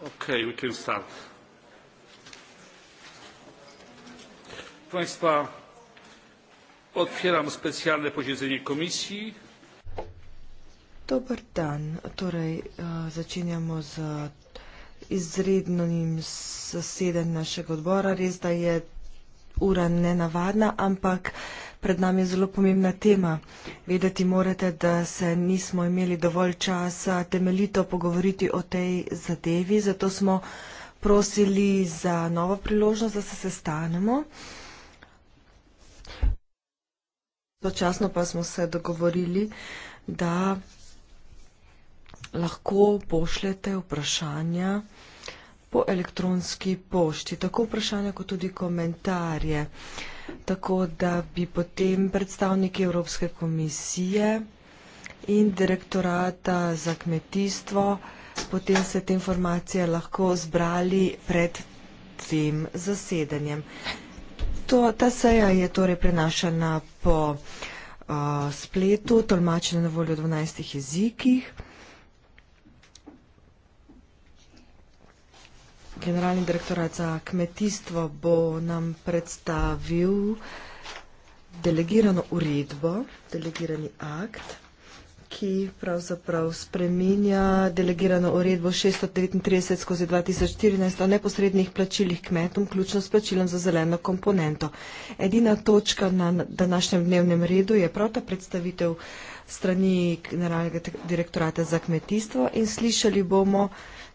Okej, okay, we can start. Państwa, otwieram specjalne posiedzenie komisji. Dobar dan. Torej, uh, e, začenjamo z izrednim zasedanjem našega odbora. Res da je ura nenavadna, ampak uh, Pred nami je zelo pomembna tema. Vedeti morate, da se nismo imeli dovolj časa temeljito pogovoriti o tej zadevi, zato smo prosili za novo priložnost, da se sestanemo. Sočasno pa smo se dogovorili, da lahko pošljete vprašanja po elektronski pošti, tako vprašanja kot tudi komentarje. Tako da bi potem predstavniki Evropske komisije in direktorata za kmetijstvo potem se te informacije lahko zbrali pred tem zasedanjem. To, ta seja je torej prenašana po uh, spletu, tolmačena na voljo v 12 jezikih. generalni direktorat za kmetijstvo bo nam predstavil delegirano uredbo, delegirani akt, ki pravzaprav spreminja delegirano uredbo 639 skozi 2014 o neposrednih plačilih kmetom, ključno s plačilom za zeleno komponento. Edina točka na današnjem dnevnem redu je prav ta predstavitev strani generalnega direktorata za kmetijstvo in slišali bomo,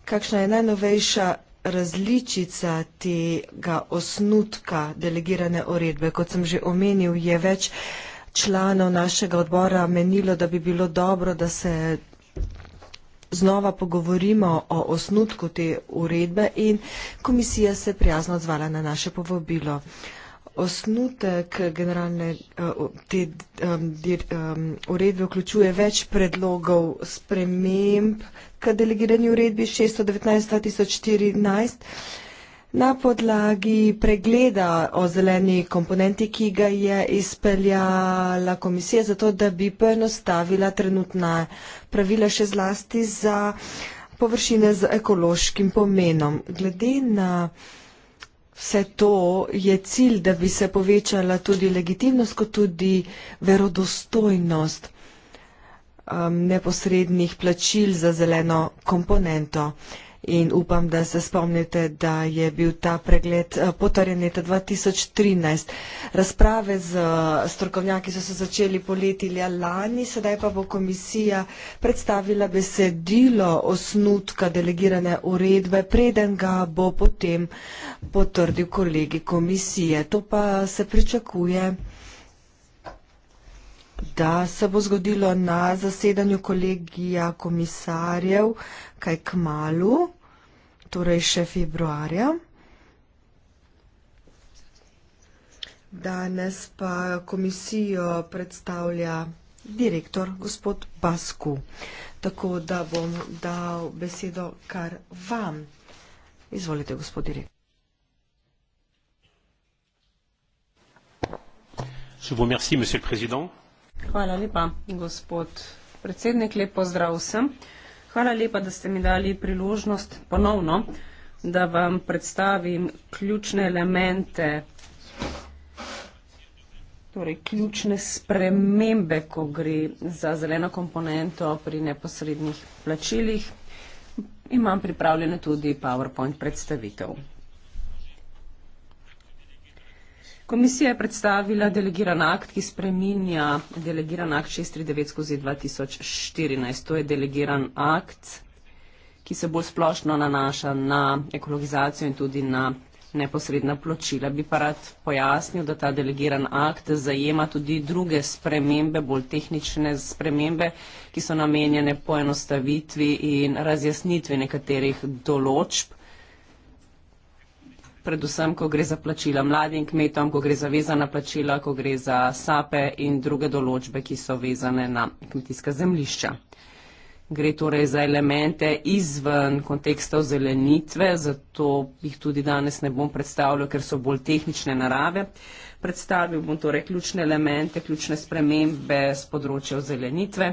kakšna je najnovejša različica tega osnutka delegirane uredbe. Kot sem že omenil, je več članov našega odbora menilo, da bi bilo dobro, da se znova pogovorimo o osnutku te uredbe in komisija se prijazno odzvala na naše povabilo. Uh, osnutek generalne eh, te uredbe vključuje več predlogov sprememb k delegirani uredbi 619.2014 na podlagi pregleda o zeleni komponenti, ki ga je izpeljala komisija za to, da bi poenostavila trenutna pravila še zlasti za površine z ekološkim pomenom. Glede na vse to je cilj, da bi se povečala tudi legitimnost, kot tudi verodostojnost um, neposrednih plačil za zeleno komponento in upam, da se spomnite, da je bil ta pregled eh, potrjen leta 2013. Razprave z eh, strokovnjaki so se začeli poleti lani, sedaj pa bo komisija predstavila besedilo osnutka delegirane uredbe, preden ga bo potem potrdil kolegi komisije. To pa se pričakuje da se bo zgodilo na zasedanju kolegija komisarjev kaj k malu torej še februarja. Danes pa komisijo predstavlja direktor gospod Pasku. Tako da bom dal besedo kar vam. Izvolite, gospod direktor. Hvala lepa, gospod predsednik. Lep pozdrav vsem. Hvala lepa, da ste mi dali priložnost ponovno, da vam predstavim ključne elemente, torej ključne spremembe, ko gre za zeleno komponento pri neposrednih plačilih. Imam pripravljeno tudi PowerPoint predstavitev. Komisija je predstavila delegiran akt, ki spreminja delegiran akt 639 skozi 2014. To je delegiran akt, ki se bolj splošno nanaša na ekologizacijo in tudi na neposredna pločila. Bi pa rad pojasnil, da ta delegiran akt zajema tudi druge spremembe, bolj tehnične spremembe, ki so namenjene poenostavitvi in razjasnitvi nekaterih določb predvsem, ko gre za plačila mladim kmetom, ko gre za vezana plačila, ko gre za sape in druge določbe, ki so vezane na kmetijska zemlišča. Gre torej za elemente izven konteksta ozelenitve, zato jih tudi danes ne bom predstavljal, ker so bolj tehnične narave. Predstavil bom torej ključne elemente, ključne spremembe z področja ozelenitve.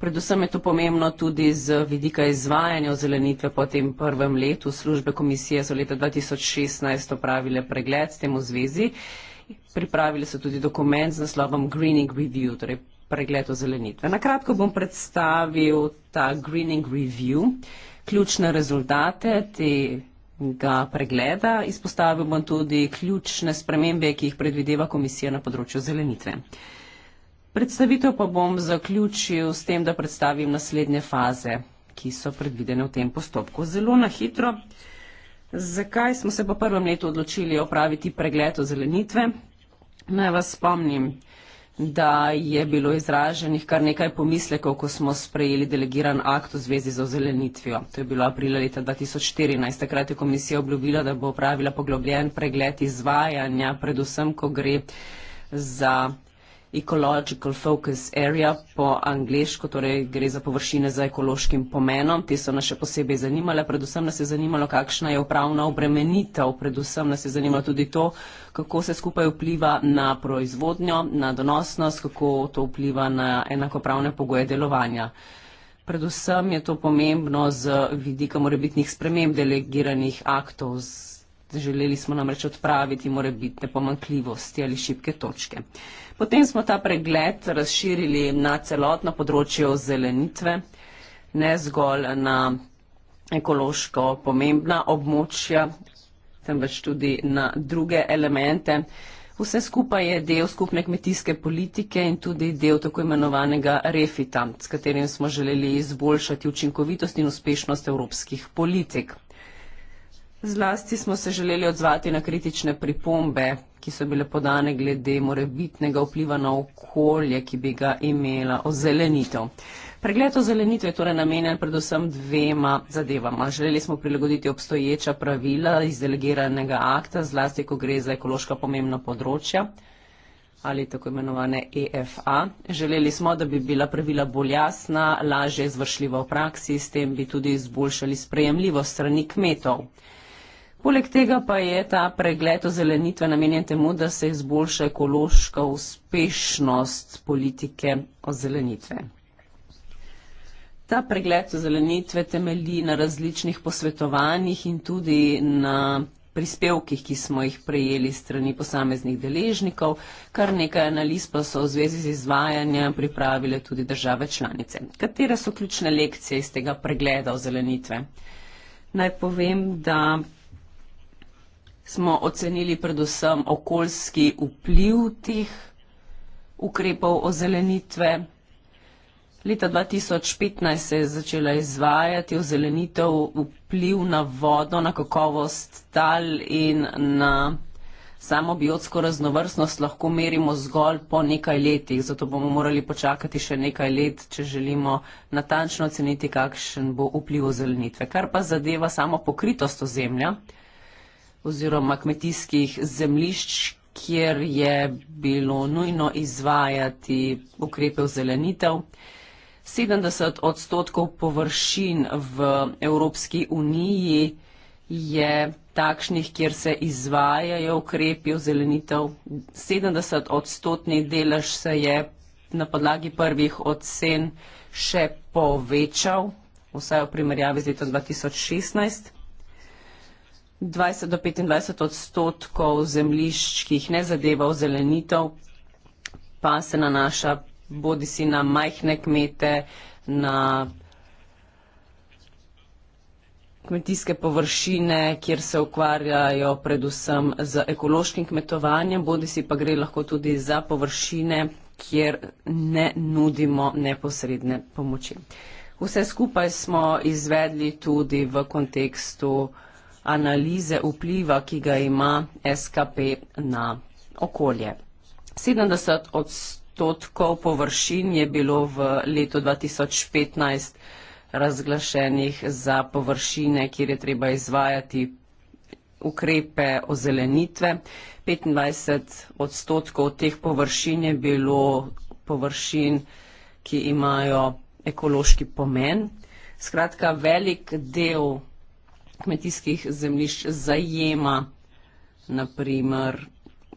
Predvsem je to pomembno tudi z vidika izvajanja ozelenitve po tem prvem letu. Službe komisije so leta 2016 opravile pregled s tem v zvezi. Pripravili so tudi dokument z naslovom Greening Review, torej pregled ozelenitve. Na kratko bom predstavil ta Greening Review, ključne rezultate te ga pregleda. Izpostavil bom tudi ključne spremembe, ki jih predvideva komisija na področju zelenitve. Predstavitev pa bom zaključil s tem, da predstavim naslednje faze, ki so predvidene v tem postopku. Zelo na hitro. Zakaj smo se po prvem letu odločili opraviti pregled o zelenitve? Naj vas spomnim, da je bilo izraženih kar nekaj pomislekov, ko smo sprejeli delegiran akt v zvezi z ozelenitvijo. To je bilo aprila leta 2014. Takrat je komisija obljubila, da bo opravila poglobljen pregled izvajanja, predvsem, ko gre za ecological focus area po angliško, torej gre za površine za ekološkim pomenom. Te so nas še posebej zanimale, predvsem nas je zanimalo, kakšna je upravna obremenitev, predvsem nas je zanimalo tudi to, kako se skupaj vpliva na proizvodnjo, na donosnost, kako to vpliva na enakopravne pogoje delovanja. Predvsem je to pomembno z vidika morebitnih sprememb delegiranih aktov. Želeli smo namreč odpraviti morebitne pomankljivosti ali šibke točke. Potem smo ta pregled razširili na celotno področje ozelenitve, ne zgolj na ekološko pomembna območja, temveč tudi na druge elemente. Vse skupaj je del skupne kmetijske politike in tudi del tako imenovanega refita, s katerim smo želeli izboljšati učinkovitost in uspešnost evropskih politik. Zlasti smo se želeli odzvati na kritične pripombe, ki so bile podane glede morebitnega vpliva na okolje, ki bi ga imela ozelenitev. Pregled ozelenitve je torej namenjen predvsem dvema zadevama. Želeli smo prilagoditi obstoječa pravila iz delegiranega akta, zlasti ko gre za ekološka pomembna področja ali tako imenovane EFA. Želeli smo, da bi bila pravila bolj jasna, lažje izvršljiva v praksi, s tem bi tudi izboljšali sprejemljivo strani kmetov. Poleg tega pa je ta pregled ozelenitve namenjen temu, da se izboljša ekološka uspešnost politike ozelenitve. Ta pregled ozelenitve temelji na različnih posvetovanjih in tudi na prispevkih, ki smo jih prejeli strani posameznih deležnikov, kar nekaj analiz pa so v zvezi z izvajanjem pripravile tudi države članice. Katere so ključne lekcije iz tega pregleda ozelenitve? Naj povem, da smo ocenili predvsem okoljski vpliv teh ukrepov ozelenitve. Leta 2015 se je začela izvajati ozelenitev vpliv na vodo, na kakovost tal in na samo biotsko raznovrstnost lahko merimo zgolj po nekaj letih. Zato bomo morali počakati še nekaj let, če želimo natančno oceniti, kakšen bo vpliv ozelenitve. Kar pa zadeva samo pokritost ozemlja oziroma kmetijskih zemlišč, kjer je bilo nujno izvajati ukrepe v zelenitev. 70 odstotkov površin v Evropski uniji je takšnih, kjer se izvajajo ukrepi v zelenitev. 70 odstotni delež se je na podlagi prvih ocen še povečal, vsaj v primerjavi z letom 2016. 20 do 25 odstotkov zemljišč, ki jih ne zadeva ozelenitev, pa se nanaša bodi si na majhne kmete, na kmetijske površine, kjer se ukvarjajo predvsem z ekološkim kmetovanjem, bodi si pa gre lahko tudi za površine, kjer ne nudimo neposredne pomoči. Vse skupaj smo izvedli tudi v kontekstu analize vpliva, ki ga ima SKP na okolje. 70 odstotkov površin je bilo v letu 2015 razglašenih za površine, kjer je treba izvajati ukrepe ozelenitve. 25 odstotkov teh površin je bilo površin, ki imajo ekološki pomen. Skratka, velik del kmetijskih zemljišč zajema naprimer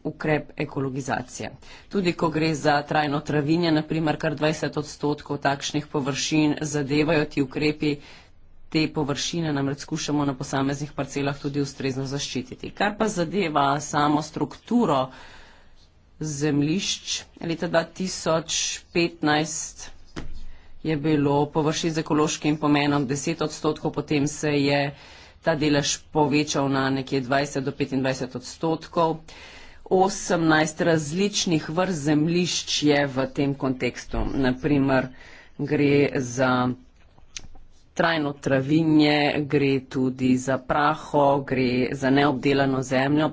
ukrep ekologizacije. Tudi ko gre za trajno travinje, naprimer kar 20 odstotkov takšnih površin zadevajo ti ukrepi, te površine namreč skušamo na posameznih parcelah tudi ustrezno zaščititi. Kar pa zadeva samo strukturo zemljišč, leta 2015 je bilo površin z ekološkim pomenom 10 odstotkov, potem se je ta delež povečal na nekje 20 do 25 odstotkov. 18 različnih vrst zemljišč je v tem kontekstu. Naprimer gre za trajno travinje, gre tudi za praho, gre za neobdelano zemljo.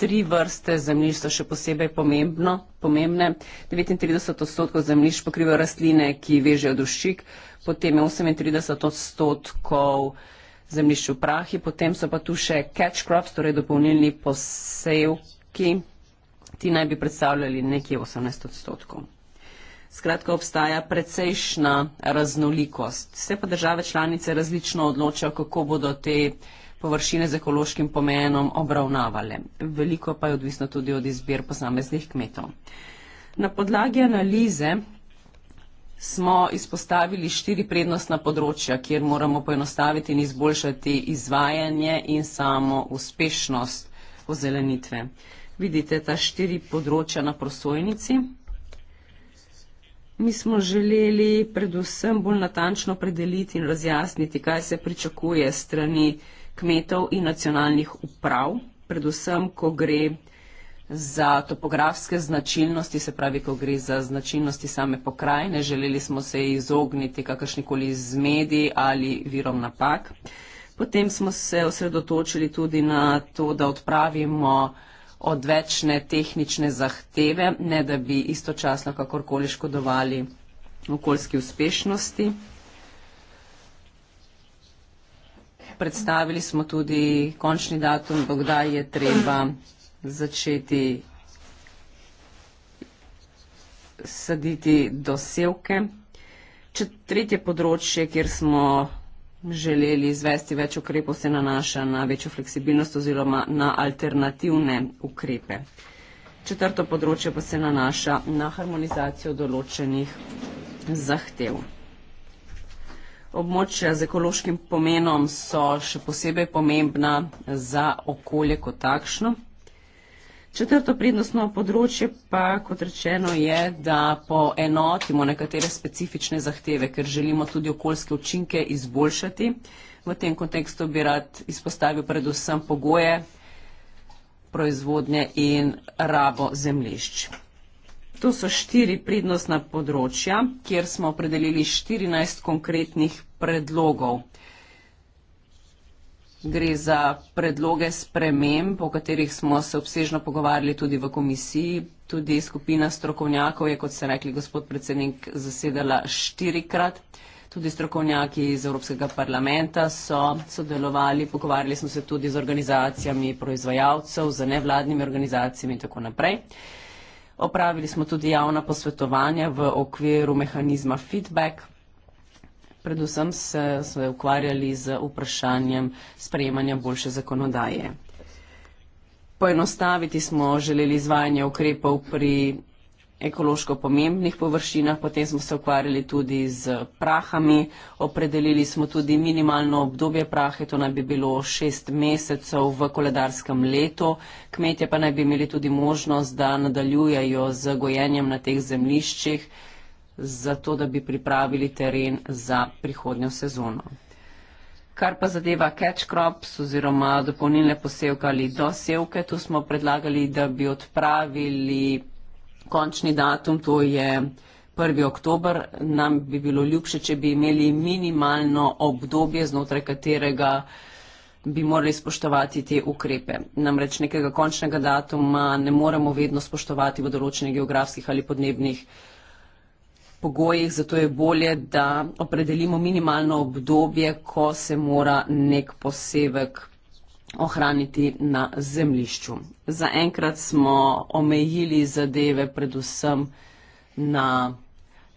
Tri vrste zemljišč so še posebej pomembno, pomembne. 39 odstotkov zemljišč pokriva rastline, ki vežejo dušik, potem je 38 odstotkov zemljišču prahi, potem so pa tu še catch crops, torej dopolnilni posevki, ti naj bi predstavljali nekje 18 odstotkov. Skratka, obstaja precejšna raznolikost. Vse pa države članice različno odločajo, kako bodo te površine z ekološkim pomenom obravnavale. Veliko pa je odvisno tudi od izbir posameznih kmetov. Na podlagi analize smo izpostavili štiri prednostna področja, kjer moramo poenostaviti in izboljšati izvajanje in samo uspešnost ozelenitve. Vidite ta štiri področja na prosojnici. Mi smo želeli predvsem bolj natančno predeliti in razjasniti, kaj se pričakuje strani kmetov in nacionalnih uprav, predvsem, ko gre za topografske značilnosti, se pravi, ko gre za značilnosti same pokrajine. Želeli smo se izogniti kakršnikoli zmedi ali virom napak. Potem smo se osredotočili tudi na to, da odpravimo odvečne tehnične zahteve, ne da bi istočasno kakorkoli škodovali okoljski uspešnosti. Predstavili smo tudi končni datum, kdaj je treba začeti saditi dosevke. Tretje področje, kjer smo želeli izvesti več ukrepov, se nanaša na večjo fleksibilnost oziroma na alternativne ukrepe. Četrto področje pa se nanaša na harmonizacijo določenih zahtev. Območja z ekološkim pomenom so še posebej pomembna za okolje kot takšno. Četrto prednostno področje pa, kot rečeno, je, da poenotimo nekatere specifične zahteve, ker želimo tudi okoljske učinke izboljšati. V tem kontekstu bi rad izpostavil predvsem pogoje proizvodnje in rabo zemlišč. To so štiri prednostna področja, kjer smo opredelili 14 konkretnih predlogov. Gre za predloge sprememb, o katerih smo se obsežno pogovarjali tudi v komisiji. Tudi skupina strokovnjakov je, kot ste rekli, gospod predsednik, zasedala štirikrat. Tudi strokovnjaki iz Evropskega parlamenta so sodelovali, pogovarjali smo se tudi z organizacijami proizvajalcev, z nevladnimi organizacijami in tako naprej. Opravili smo tudi javna posvetovanja v okviru mehanizma feedback, predvsem se, se ukvarjali z vprašanjem sprejemanja boljše zakonodaje. Poenostaviti smo želeli izvajanje ukrepov pri ekološko pomembnih površinah, potem smo se ukvarjali tudi z prahami, opredelili smo tudi minimalno obdobje prahe, to naj bi bilo šest mesecev v koledarskem letu, kmetje pa naj bi imeli tudi možnost, da nadaljujejo z gojenjem na teh zemliščih zato, da bi pripravili teren za prihodnjo sezono. Kar pa zadeva catch crops oziroma dopolnilne posevke ali dosevke, tu smo predlagali, da bi odpravili končni datum, to je 1. oktober. Nam bi bilo ljubše, če bi imeli minimalno obdobje, znotraj katerega bi morali spoštovati te ukrepe. Namreč nekega končnega datuma ne moremo vedno spoštovati v določenih geografskih ali podnebnih pogojih, zato je bolje, da opredelimo minimalno obdobje, ko se mora nek posevek ohraniti na zemlišču. Za enkrat smo omejili zadeve predvsem na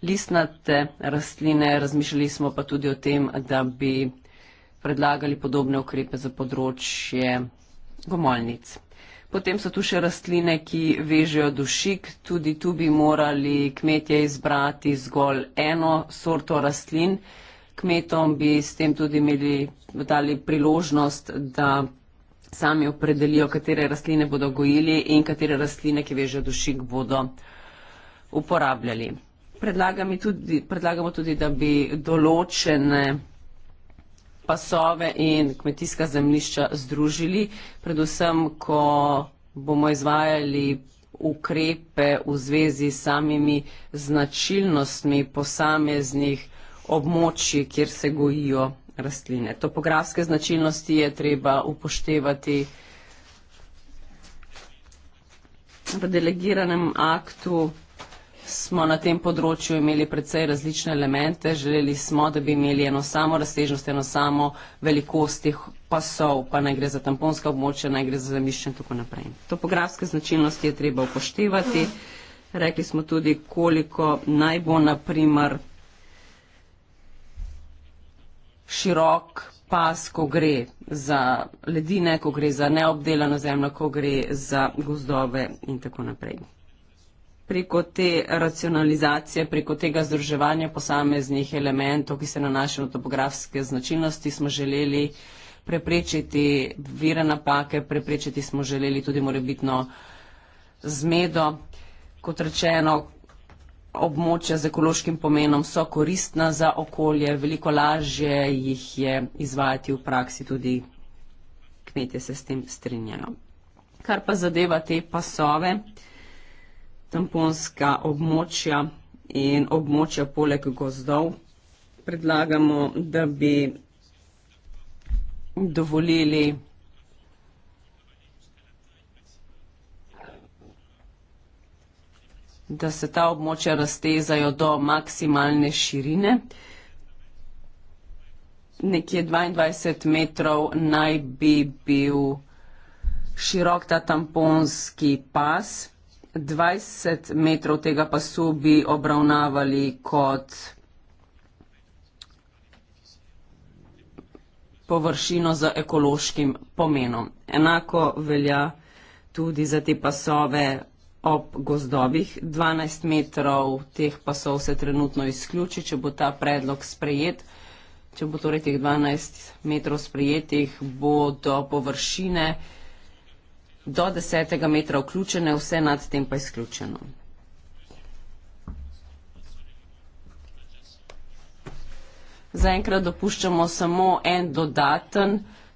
listnate rastline, razmišljali smo pa tudi o tem, da bi predlagali podobne ukrepe za področje gomolnic. Potem so tu še rastline, ki vežejo dušik. Tudi tu bi morali kmetje izbrati zgolj eno sorto rastlin. Kmetom bi s tem tudi imeli, dali priložnost, da sami opredelijo, katere rastline bodo gojili in katere rastline, ki vežejo dušik, bodo uporabljali. Predlagamo tudi, predlagamo tudi, da bi določene pasove in kmetijska zemlišča združili, predvsem, ko bomo izvajali ukrepe v zvezi s samimi značilnostmi posameznih območji, kjer se gojijo rastline. Topografske značilnosti je treba upoštevati v delegiranem aktu smo na tem področju imeli precej različne elemente. Želeli smo, da bi imeli eno samo razsežnost, eno samo velikost teh pasov, pa naj gre za tamponska območja, naj gre za zemljišče in tako naprej. Topografske značilnosti je treba upoštevati. Rekli smo tudi, koliko naj bo naprimer širok pas, ko gre za ledine, ko gre za neobdelano zemljo, ko gre za gozdove in tako naprej preko te racionalizacije, preko tega združevanja posameznih elementov, ki se nanašajo na topografske značilnosti, smo želeli preprečiti vire napake, preprečiti smo želeli tudi morebitno zmedo. Kot rečeno, območja z ekološkim pomenom so koristna za okolje, veliko lažje jih je izvajati v praksi, tudi kmetje se s tem strinjajo. Kar pa zadeva te pasove, tamponska območja in območja poleg gozdov. Predlagamo, da bi dovolili da se ta območja raztezajo do maksimalne širine. Nekje 22 metrov naj bi bil širok ta tamponski pas. 20 metrov tega pasu bi obravnavali kot površino z ekološkim pomenom. Enako velja tudi za te pasove ob gozdovih. 12 metrov teh pasov se trenutno izključi, če bo ta predlog sprejet. Če bo torej teh 12 metrov sprejetih, bodo površine do desetega metra vključene, vse nad tem pa izključeno. Zaenkrat dopuščamo samo en dodaten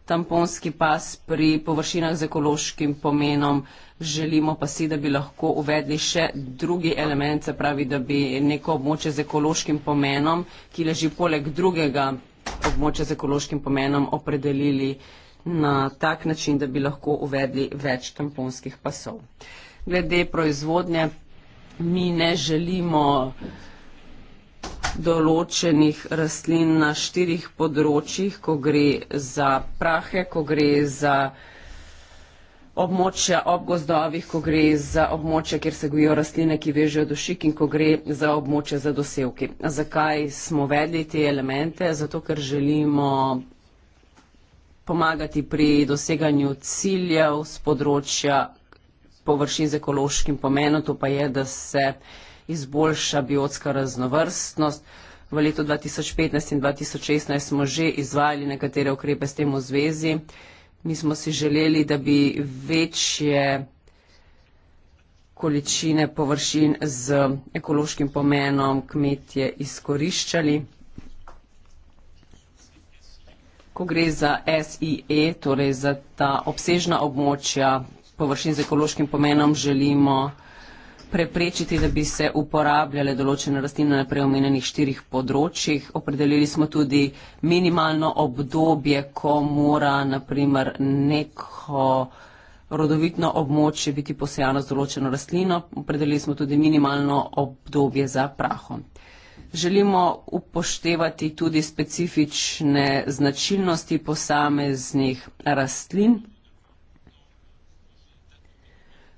tamponski pas pri površinah z ekološkim pomenom. Želimo pa si, da bi lahko uvedli še drugi element, se pravi, da bi neko območje z ekološkim pomenom, ki leži poleg drugega območja z ekološkim pomenom, opredelili na tak način, da bi lahko uvedli več tamponskih pasov. Glede proizvodnje, mi ne želimo določenih rastlin na štirih področjih, ko gre za prahe, ko gre za območja ob gozdovih, ko gre za območja, kjer se gojijo rastline, ki vežejo dušik in ko gre za območja za dosevki. Zakaj smo vedli te elemente? Zato, ker želimo pomagati pri doseganju ciljev z področja površin z ekološkim pomenom, to pa je, da se izboljša biotska raznovrstnost. V letu 2015 in 2016 smo že izvajali nekatere ukrepe s tem v zvezi. Mi smo si želeli, da bi večje količine površin z ekološkim pomenom kmetje izkoriščali ko gre za SIE, torej za ta obsežna območja površin z ekološkim pomenom, želimo preprečiti, da bi se uporabljale določene rastline na preomenjenih štirih področjih. Opredelili smo tudi minimalno obdobje, ko mora naprimer neko rodovitno območje biti posejano z določeno rastlino. Opredelili smo tudi minimalno obdobje za prahom želimo upoštevati tudi specifične značilnosti posameznih rastlin.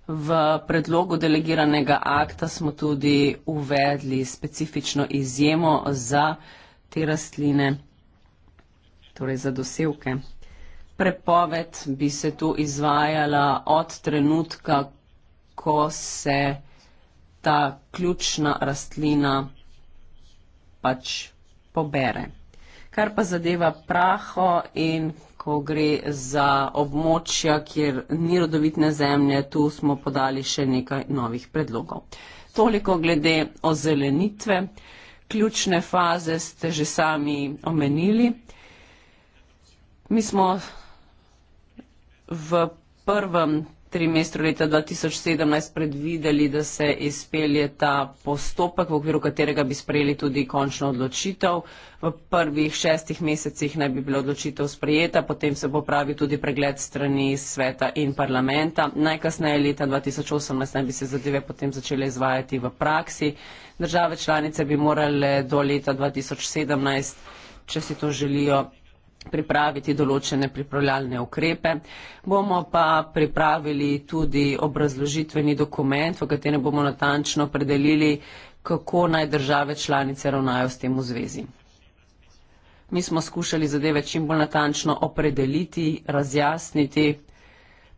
V predlogu delegiranega akta smo tudi uvedli specifično izjemo za te rastline, torej za dosevke. Prepoved bi se tu izvajala od trenutka, ko se ta ključna rastlina pač pobere. Kar pa zadeva praho in ko gre za območja, kjer ni rodovitne zemlje, tu smo podali še nekaj novih predlogov. Toliko glede ozelenitve. Ključne faze ste že sami omenili. Mi smo v prvem trimestru leta 2017 predvideli, da se izpelje ta postopek, v okviru katerega bi sprejeli tudi končno odločitev. V prvih šestih mesecih naj bi bila odločitev sprejeta, potem se bo pravi tudi pregled strani sveta in parlamenta. Najkasneje leta 2018 naj bi se zadeve potem začele izvajati v praksi. Države članice bi morale do leta 2017, če si to želijo, pripraviti določene pripravljalne ukrepe. Bomo pa pripravili tudi obrazložitveni dokument, v katerem bomo natančno predelili, kako naj države članice ravnajo s tem v zvezi. Mi smo skušali zadeve čim bolj natančno opredeliti, razjasniti,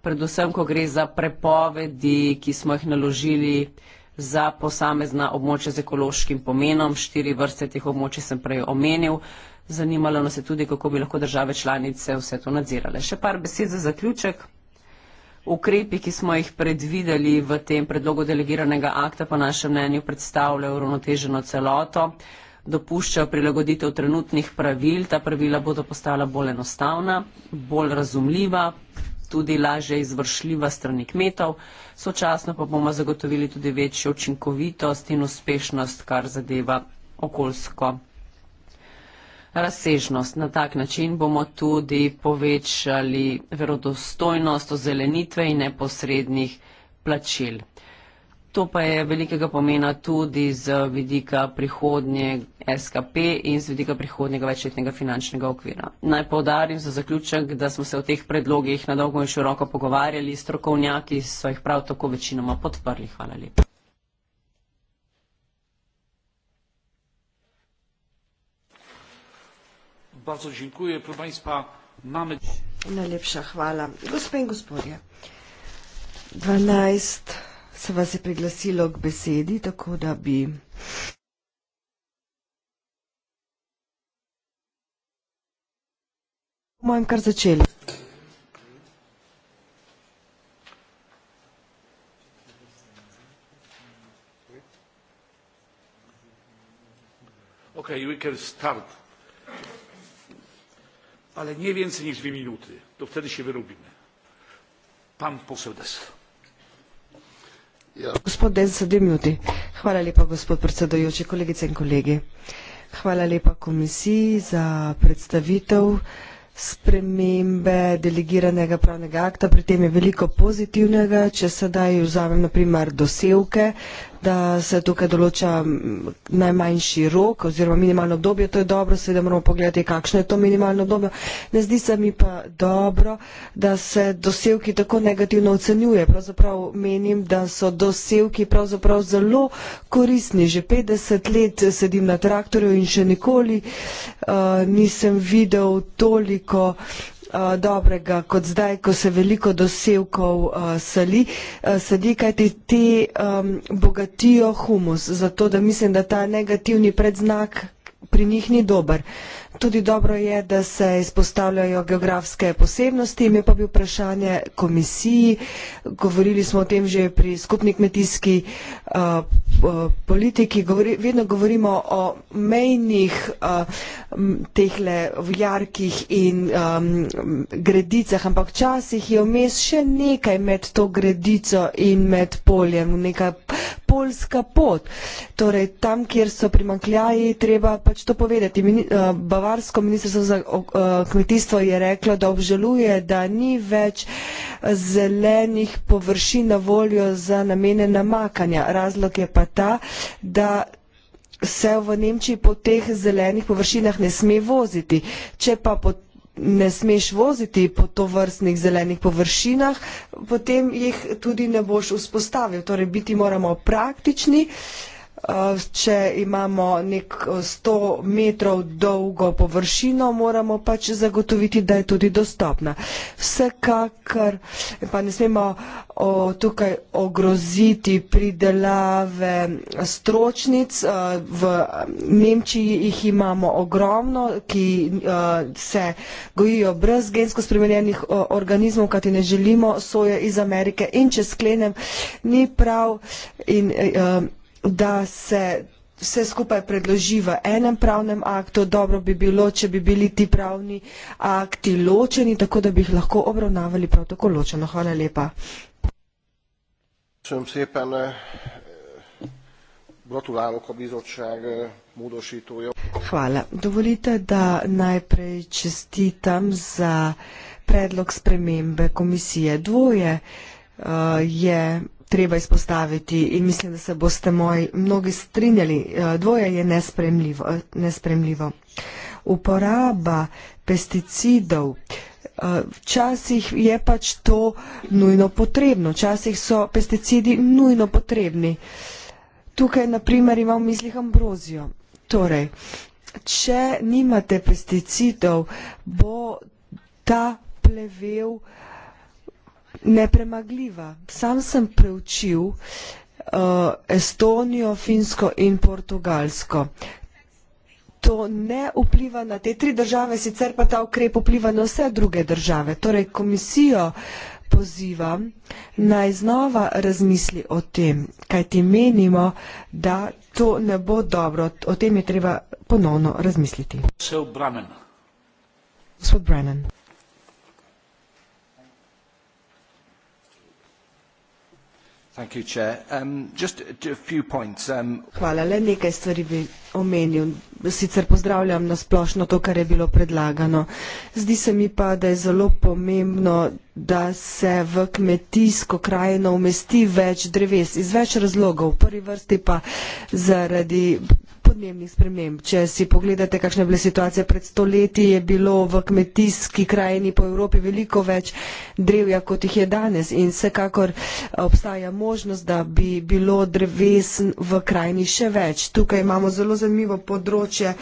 predvsem, ko gre za prepovedi, ki smo jih naložili za posamezna območja z ekološkim pomenom, štiri vrste teh območij sem prej omenil zanimalo nas je tudi, kako bi lahko države članice vse to nadzirale. Še par besed za zaključek. Ukrepi, ki smo jih predvideli v tem predlogu delegiranega akta, pa našem mnenju predstavljajo uravnoteženo celoto, dopuščajo prilagoditev trenutnih pravil, ta pravila bodo postala bolj enostavna, bolj razumljiva, tudi lažje izvršljiva strani kmetov, sočasno pa bomo zagotovili tudi večjo učinkovitost in uspešnost, kar zadeva okoljsko razsežnost. Na tak način bomo tudi povečali verodostojnost ozelenitve in neposrednih plačil. To pa je velikega pomena tudi z vidika prihodnje SKP in z vidika prihodnjega večletnega finančnega okvira. Naj povdarim za zaključek, da smo se o teh predlogih na dolgo in široko pogovarjali, strokovnjaki so jih prav tako večinoma podprli. Hvala lepa. Bardzo dziękuję. Proszę Państwa, mamy... Najlepsza chwala. Gospe in gospodje, 12 se vas je priglasilo k besedi, tako da bi... Mojem kar začeli. Okay, we can start ale nie więcej niż dwie minuty, to wtedy się wyrobimy. Pan poseł Des. Ja. Gospod Des, dwie minuty. Hvala lepa, gospod predsedujoči, kolegice in kolegi. Hvala lepa komisiji za predstavitev spremembe delegiranega pravnega akta. Pri tem je veliko pozitivnega, če sedaj vzamem naprimer dosevke, da se tukaj določa najmanjši rok oziroma minimalno obdobje. To je dobro, seveda moramo pogledati, kakšno je to minimalno obdobje. Ne zdi se mi pa dobro, da se dosevki tako negativno ocenjuje. Pravzaprav menim, da so dosevki pravzaprav zelo koristni. Že 50 let sedim na traktorju in še nikoli uh, nisem videl toliko uh, Eh, dobrega kot zdaj, ko se veliko dosevkov eh, sali, eh, sadi, kajti te um, bogatijo humus, zato da mislim, da ta negativni predznak pri njih ni dober. Tudi dobro je, da se izpostavljajo geografske posebnosti. Ime pa bi vprašanje komisiji, govorili smo o tem že pri skupni kmetijski uh, Eh, politiki govori, vedno govorimo o mejnih eh, tehle vjarkih in um, gredicah, ampak včasih je vmes še nekaj med to gredico in med poljem, neka polska pot. Torej, tam, kjer so primankljaji, treba pač to povedati. Min, uh, eh, Bavarsko ministrstvo za uh, kmetijstvo je reklo, da obžaluje, da ni več zelenih površin na voljo za namene namakanja. Razlog je pa pa ta, da se v Nemčiji po teh zelenih površinah ne sme voziti. Če pa po, ne smeš voziti po tovrstnih zelenih površinah, potem jih tudi ne boš vzpostavil. Torej, biti moramo praktični. Uh, če imamo nek 100 eh, metrov dolgo površino, moramo pač zagotoviti, da je tudi dostopna. Vsekakor pa ne smemo o, tukaj ogroziti pridelave stročnic. Eh, v Nemčiji jih imamo ogromno, ki eh, se gojijo brez gensko spremenjenih organizmov, kajti ne želimo soje iz Amerike. In če sklenem, ni prav. In, da se vse skupaj predloži v enem pravnem aktu. Dobro bi bilo, če bi bili ti pravni akti ločeni, tako da bi jih lahko obravnavali prav tako ločeno. Hvala lepa. Sem szépen eh, gratulálok a bizottság eh, módosítója. Hvala. Dovolite, da najprej čestitam za predlog spremembe komisije. Dvoje uh, je treba izpostaviti in mislim, da se boste moji mnogi strinjali, eh, dvoje je nespremljivo. Eh, nespremljivo. Uporaba pesticidov, eh, včasih je pač to nujno potrebno, včasih so pesticidi nujno potrebni. Tukaj, na primer, imam v mislih ambrozijo. Torej, če nimate pesticidov, bo ta plevel uh, nepremagljiva. Sam sem preučil uh, Estonijo, Finsko in Portugalsko. To ne vpliva na te tri države, sicer pa ta ukrep vpliva na vse druge države. Torej komisijo pozivam naj znova razmisli o tem, kaj ti menimo, da to ne bo dobro. O tem je treba ponovno razmisliti. Gospod Brennan. Gospod Brennan. Thank you, Chair. Um, just a few points. Um, Hvala, le nekaj stvari bi omenil sicer pozdravljam na splošno to, kar je bilo predlagano. Zdi se mi pa, da je zelo pomembno, da se v kmetijsko krajino umesti več dreves iz več razlogov. V prvi vrsti pa zaradi podnebnih sprememb. Če si pogledate, kakšna je bila situacija pred stoletji, je bilo v kmetijski krajini po Evropi veliko več drevja, kot jih je danes. In vsekakor eh, obstaja možnost, da bi bilo dreves v krajini še več. Tukaj imamo zelo zanimivo področje področje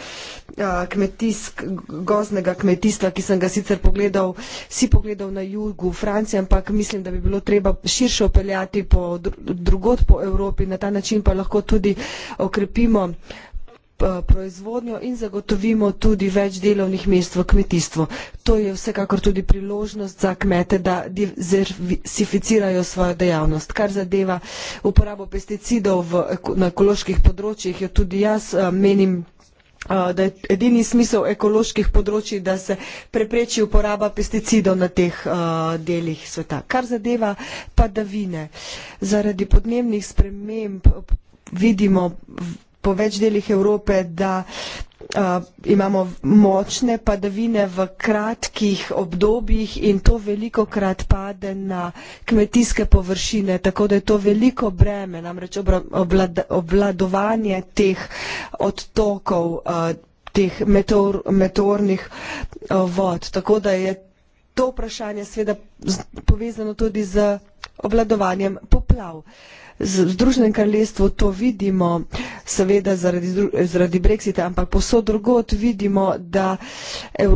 eh, kmetijsk, gozdnega kmetijstva, ki sem ga sicer pogledal, si pogledal na jugu Francije, ampak mislim, da bi bilo treba širše opeljati po drugot po Evropi. Na ta način pa lahko tudi okrepimo eh, proizvodnjo in zagotovimo tudi več delovnih mest v kmetijstvu. To je vsekakor tudi priložnost za kmete, da diversificirajo svojo dejavnost. Kar zadeva uporabo pesticidov v, na ekoloških področjih, jo tudi jaz eh, menim Eh, da je edini smisel ekoloških področji, da se prepreči uporaba pesticidov na teh uh, delih sveta. Kar zadeva padavine, zaradi podnebnih sprememb vidimo po več delih Evrope, da uh, imamo močne padavine v kratkih obdobjih in to veliko krat pade na kmetijske površine, tako da je to veliko breme, namreč obladovanje teh odtokov, uh, teh meteor, meteornih uh, vod. Tako da je to vprašanje sveda povezano tudi z obladovanjem poplav. V Združenem kraljestvu to vidimo, seveda zaradi, zaradi Brexita, ampak posod drugot vidimo, da eh,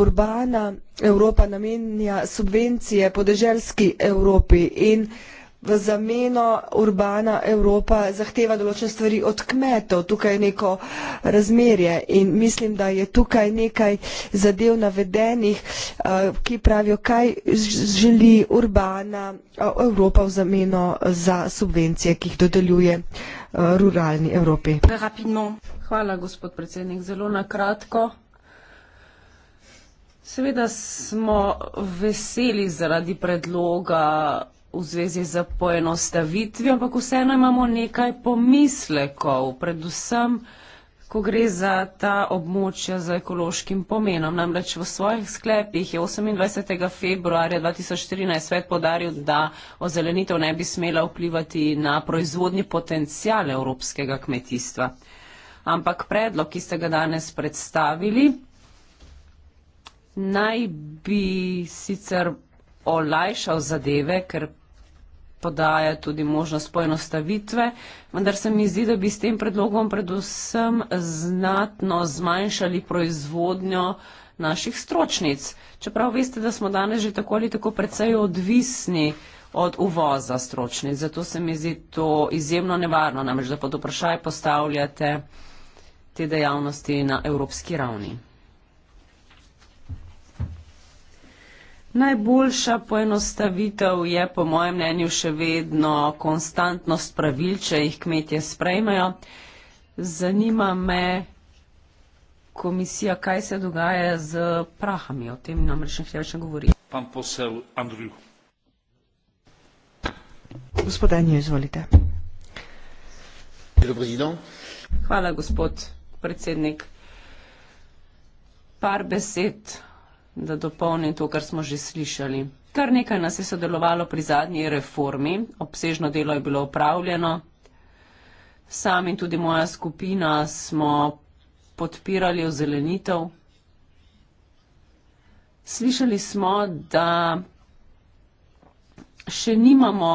urbana Evropa namenja subvencije podeželski Evropi in v zameno urbana Evropa zahteva določene stvari od kmetov. Tukaj je neko razmerje in mislim, da je tukaj nekaj zadev navedenih, eh, ki pravijo, kaj želi urbana eh, Evropa v zameno za subvencije, ki jih dodeljuje eh, ruralni Evropi. Hvala, gospod predsednik. Zelo na kratko. Seveda smo veseli zaradi predloga v zvezi z poenostavitvijo, ampak vseeno imamo nekaj pomislekov, predvsem, ko gre za ta območja z ekološkim pomenom. Namreč v svojih sklepih je 28. februarja 2014 svet podaril, da ozelenitev ne bi smela vplivati na proizvodni potencijal evropskega kmetijstva. Ampak predlog, ki ste ga danes predstavili, naj bi sicer olajšal zadeve, ker podaja tudi možnost poenostavitve, vendar se mi zdi, da bi s tem predlogom predvsem znatno zmanjšali proizvodnjo naših stročnic. Čeprav veste, da smo danes že tako ali tako precej odvisni od uvoza stročnic, zato se mi zdi to izjemno nevarno, namreč da pod vprašaj postavljate te dejavnosti na evropski ravni. Najboljša poenostavitev je po mojem mnenju še vedno konstantnost pravil, če jih kmetje sprejmejo. Zanima me komisija, kaj se dogaja z prahami, o tem namreč ne še govori. Pan posel Andrew. Gospod Anjo, izvolite. Hvala, gospod predsednik. Par besed da dopolni to, kar smo že slišali. Kar nekaj nas je sodelovalo pri zadnji reformi, obsežno delo je bilo upravljeno. Sam in tudi moja skupina smo podpirali ozelenitev. Slišali smo, da še nimamo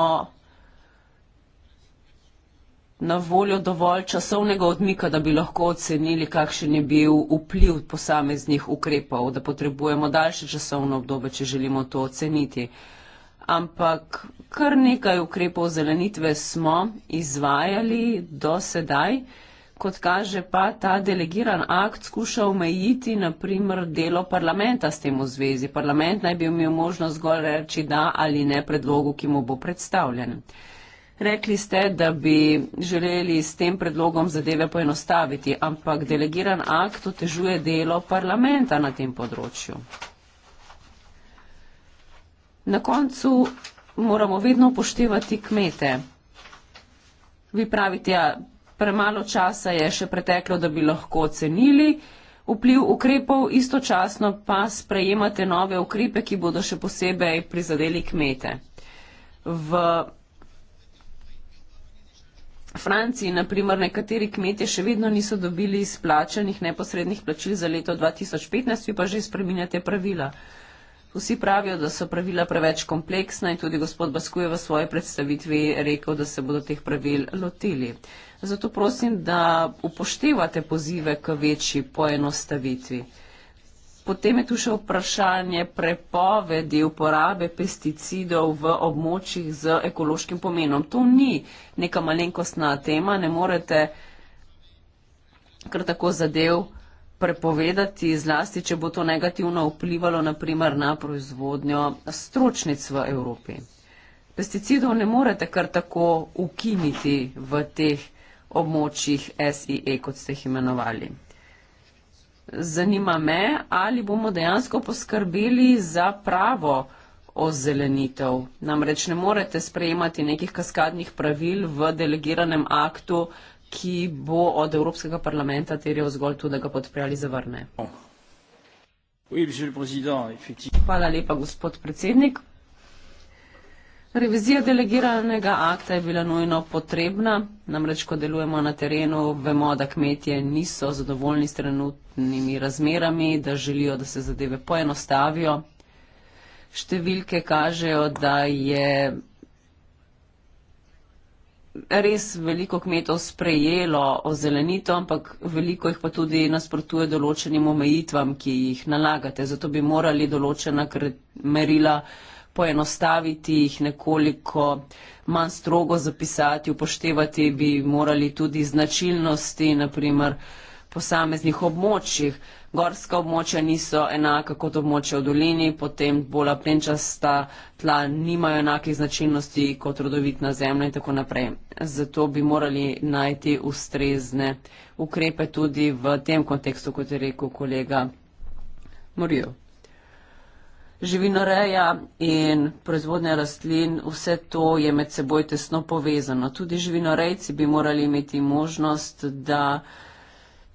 na voljo dovolj časovnega odmika, da bi lahko ocenili, kakšen je bil vpliv posameznih ukrepov, da potrebujemo daljše časovno obdobje, če želimo to oceniti. Ampak kar nekaj ukrepov zelenitve smo izvajali do sedaj, kot kaže pa ta delegiran akt skuša omejiti naprimer delo parlamenta s tem v zvezi. Parlament naj bi imel možnost zgolj reči da ali ne predlogu, ki mu bo predstavljen. Rekli ste, da bi želeli s tem predlogom zadeve poenostaviti, ampak delegiran akt otežuje delo parlamenta na tem področju. Na koncu moramo vedno upoštevati kmete. Vi pravite, ja, premalo časa je še preteklo, da bi lahko ocenili vpliv ukrepov, istočasno pa sprejemate nove ukrepe, ki bodo še posebej prizadeli kmete. V Franciji, naprimer, nekateri kmetje še vedno niso dobili izplačanih neposrednih plačil za leto 2015, vi pa že spreminjate pravila. Vsi pravijo, da so pravila preveč kompleksna in tudi gospod Basku je v svoji predstavitvi rekel, da se bodo teh pravil lotili. Zato prosim, da upoštevate pozive k večji poenostavitvi. Potem je tu še vprašanje prepovedi uporabe pesticidov v območjih z ekološkim pomenom. To ni neka malenkostna tema, ne morete kar tako zadev prepovedati, zlasti, če bo to negativno vplivalo naprimer na proizvodnjo stročnic v Evropi. Pesticidov ne morete kar tako ukiniti v teh območjih SIE, kot ste jih imenovali zanima me, ali bomo dejansko poskrbeli za pravo ozelenitev. Namreč ne morete sprejemati nekih kaskadnih pravil v delegiranem aktu, ki bo od Evropskega parlamenta terjal zgolj tudi, da ga podpre ali zavrne. Hvala lepa, gospod predsednik. Revizija delegiranega akta je bila nujno potrebna, namreč, ko delujemo na terenu, vemo, da kmetje niso zadovoljni s trenutnimi razmerami, da želijo, da se zadeve poenostavijo. Številke kažejo, da je res veliko kmetov sprejelo ozelenito, ampak veliko jih pa tudi nasprotuje določenim omejitvam, ki jih nalagate. Zato bi morali določena merila poenostaviti, jih nekoliko manj strogo zapisati, upoštevati bi morali tudi značilnosti, naprimer posameznih območjih. Gorska območja niso enaka kot območja v dolini, potem bolj plenčasta tla nimajo enakih značilnosti kot rodovitna zemlja in tako naprej. Zato bi morali najti ustrezne ukrepe tudi v tem kontekstu, kot je rekel kolega Morijo živinoreja in proizvodnja rastlin, vse to je med seboj tesno povezano. Tudi živinorejci bi morali imeti možnost, da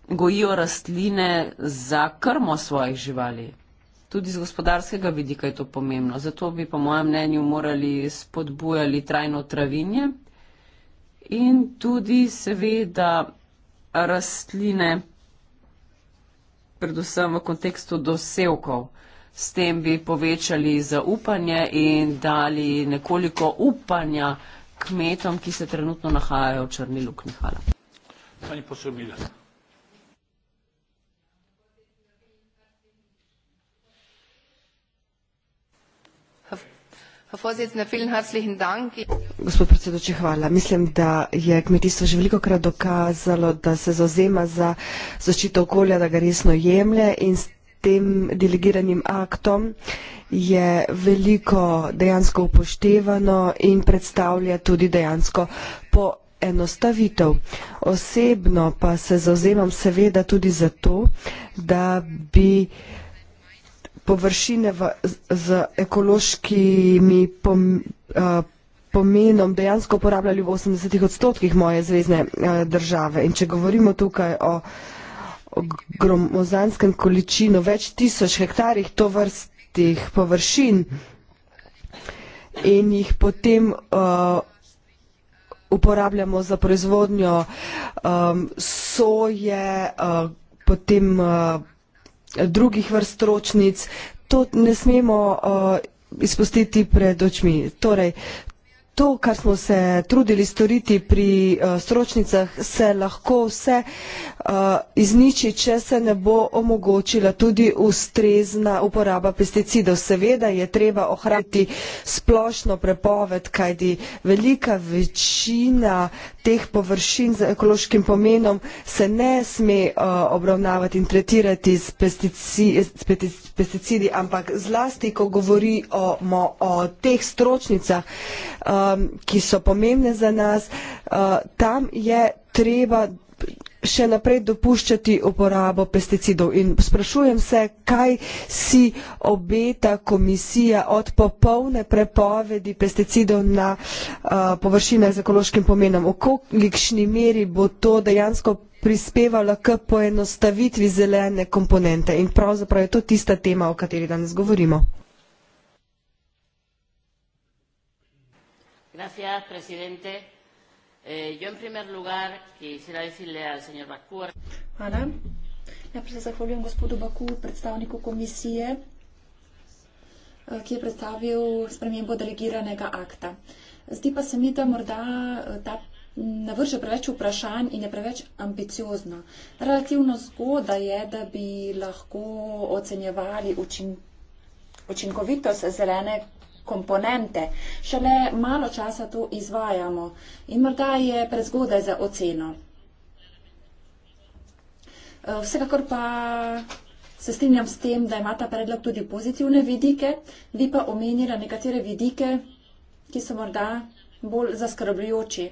gojijo rastline za krmo svojih živali. Tudi z gospodarskega vidika je to pomembno. Zato bi, po mojem mnenju, morali spodbujali trajno travinje in tudi seveda rastline, predvsem v kontekstu dosevkov s tem bi povečali zaupanje in dali nekoliko upanja kmetom, ki se trenutno nahajajo v črni luknji. Hvala. Gospod predsedujoči, hvala. Mislim, da je kmetijstvo že veliko krat dokazalo, da se zauzema za zaščito okolja, da ga resno jemlje in s tem delegiranim aktom je veliko dejansko upoštevano in predstavlja tudi dejansko po enostavitev. Osebno pa se zauzemam seveda tudi zato, da bi površine v, z, z ekološkimi pom, eh, pomenom dejansko uporabljali v 80 odstotkih moje zvezne eh, države. In če govorimo tukaj o uh, gromozanskem količino, več tisoč hektarjih to vrstih površin in jih potem uh, uporabljamo za proizvodnjo um, soje, uh, potem uh, drugih vrst ročnic. To ne smemo uh, izpustiti pred očmi. Torej, to, kar smo se trudili storiti pri uh, stročnicah, se lahko vse uh, izniči, če se ne bo omogočila tudi ustrezna uporaba pesticidov. Seveda je treba ohraniti splošno prepoved, kajti velika večina teh površin z ekološkim pomenom se ne sme uh, obravnavati in tretirati z, pestici, z pestici, pesticidi, ampak zlasti, ko govorimo o, o teh stročnicah, uh, um, ki so pomembne za nas, uh, tam je treba še naprej dopuščati uporabo pesticidov. In sprašujem se, kaj si obeta komisija od popolne prepovedi pesticidov na uh, površinah z ekološkim pomenom. V kolikšni meri bo to dejansko prispevalo k poenostavitvi zelene komponente. In pravzaprav je to tista tema, o kateri danes govorimo. Gracias, presidente. Eh, yo, en primer lugar, quisiera decirle al señor Bakur. Hola. Ja pa se zahvaljujem gospodu Baku, predstavniku komisije, eh, ki je predstavil spremembo delegiranega akta. Zdi pa se mi, da morda eh, ta navrže preveč vprašanj in je preveč ambiciozna. Relativno zgoda je, da bi lahko ocenjevali učin, učinkovitost zelene komponente. Šele malo časa to izvajamo in morda je prezgodaj za oceno. Eh, vsekakor pa se strinjam s tem, da ima ta predlog tudi pozitivne vidike, bi pa omenila nekatere vidike, ki so morda bolj zaskrbljujoči.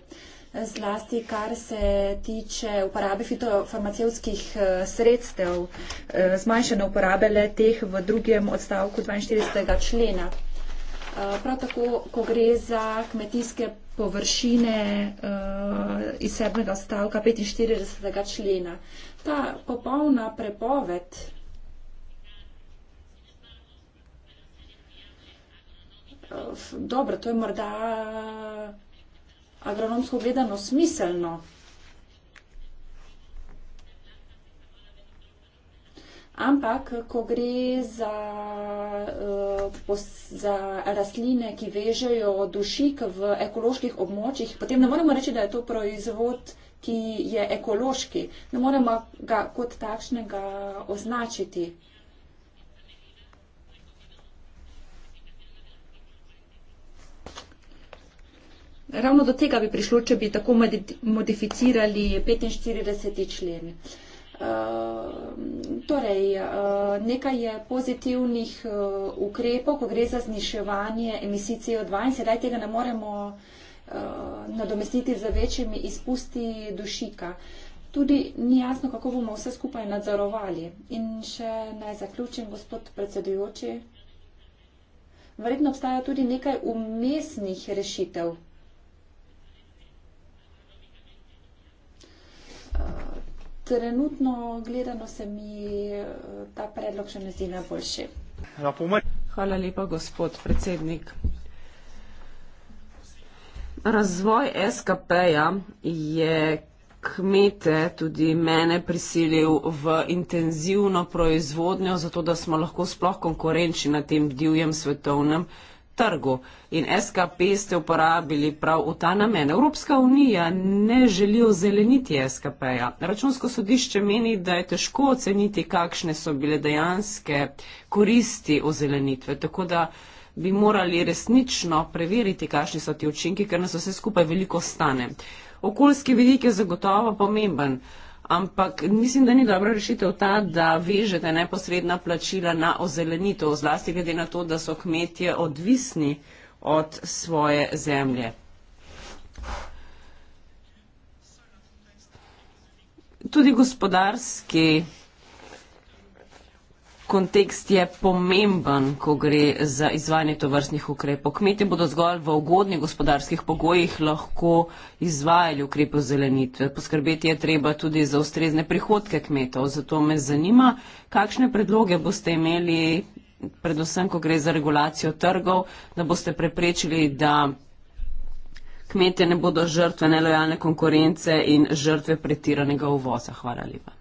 Eh, zlasti, kar se tiče uporabe fitofarmacevskih eh, sredstev, zmanjšene uporabe le teh v drugem odstavku 42. člena. Eh, prav tako, ko gre za kmetijske površine uh, iz sedmega stavka 45. člena. Ta popolna prepoved eh, Dobro, to je morda agronomsko gledano smiselno, Ampak, ko gre za, eh, za rastline, ki vežejo dušik v ekoloških območjih, potem ne moremo reči, da je to proizvod, ki je ekološki. Ne moremo ga kot takšnega označiti. Ravno do tega bi prišlo, če bi tako modificirali 45. člen. Um, Torej, eh, nekaj je pozitivnih eh, ukrepov, ko gre za zniševanje emisij CO2 in sedaj tega ne moremo eh, nadomestiti z večjimi izpusti dušika. Tudi ni jasno, kako bomo vse skupaj nadzorovali. In še naj zaključim, gospod predsedujoči. Verjetno obstaja tudi nekaj umestnih rešitev, trenutno gledano se mi eh, ta predlog še ne zdi najboljši. Hvala lepa, gospod predsednik. Razvoj SKP-ja je kmete, tudi mene, prisilil v intenzivno proizvodnjo, zato da smo lahko sploh konkurenčni na tem divjem svetovnem trgu trgu in SKP ste uporabili prav v ta namen. Evropska unija ne želi ozeleniti SKP-ja. Računsko sodišče meni, da je težko oceniti, kakšne so bile dejanske koristi ozelenitve. Tako da bi morali resnično preveriti, kakšni so ti učinki, ker nas vse skupaj veliko stane. Okoljski vidik je zagotovo pomemben ampak mislim, da ni dobra rešitev ta, da vežete neposredna plačila na ozelenitev, zlasti glede na to, da so kmetje odvisni od svoje zemlje. Tudi gospodarski kontekst je pomemben, ko gre za izvajanje tovrstnih ukrepov. Kmetje bodo zgolj v ugodnih gospodarskih pogojih lahko izvajali ukrepe zelenitve. Poskrbeti je treba tudi za ustrezne prihodke kmetov. Zato me zanima, kakšne predloge boste imeli, predvsem, ko gre za regulacijo trgov, da boste preprečili, da kmetje ne bodo žrtve nelojalne konkurence in žrtve pretiranega uvoza. Hvala lepa.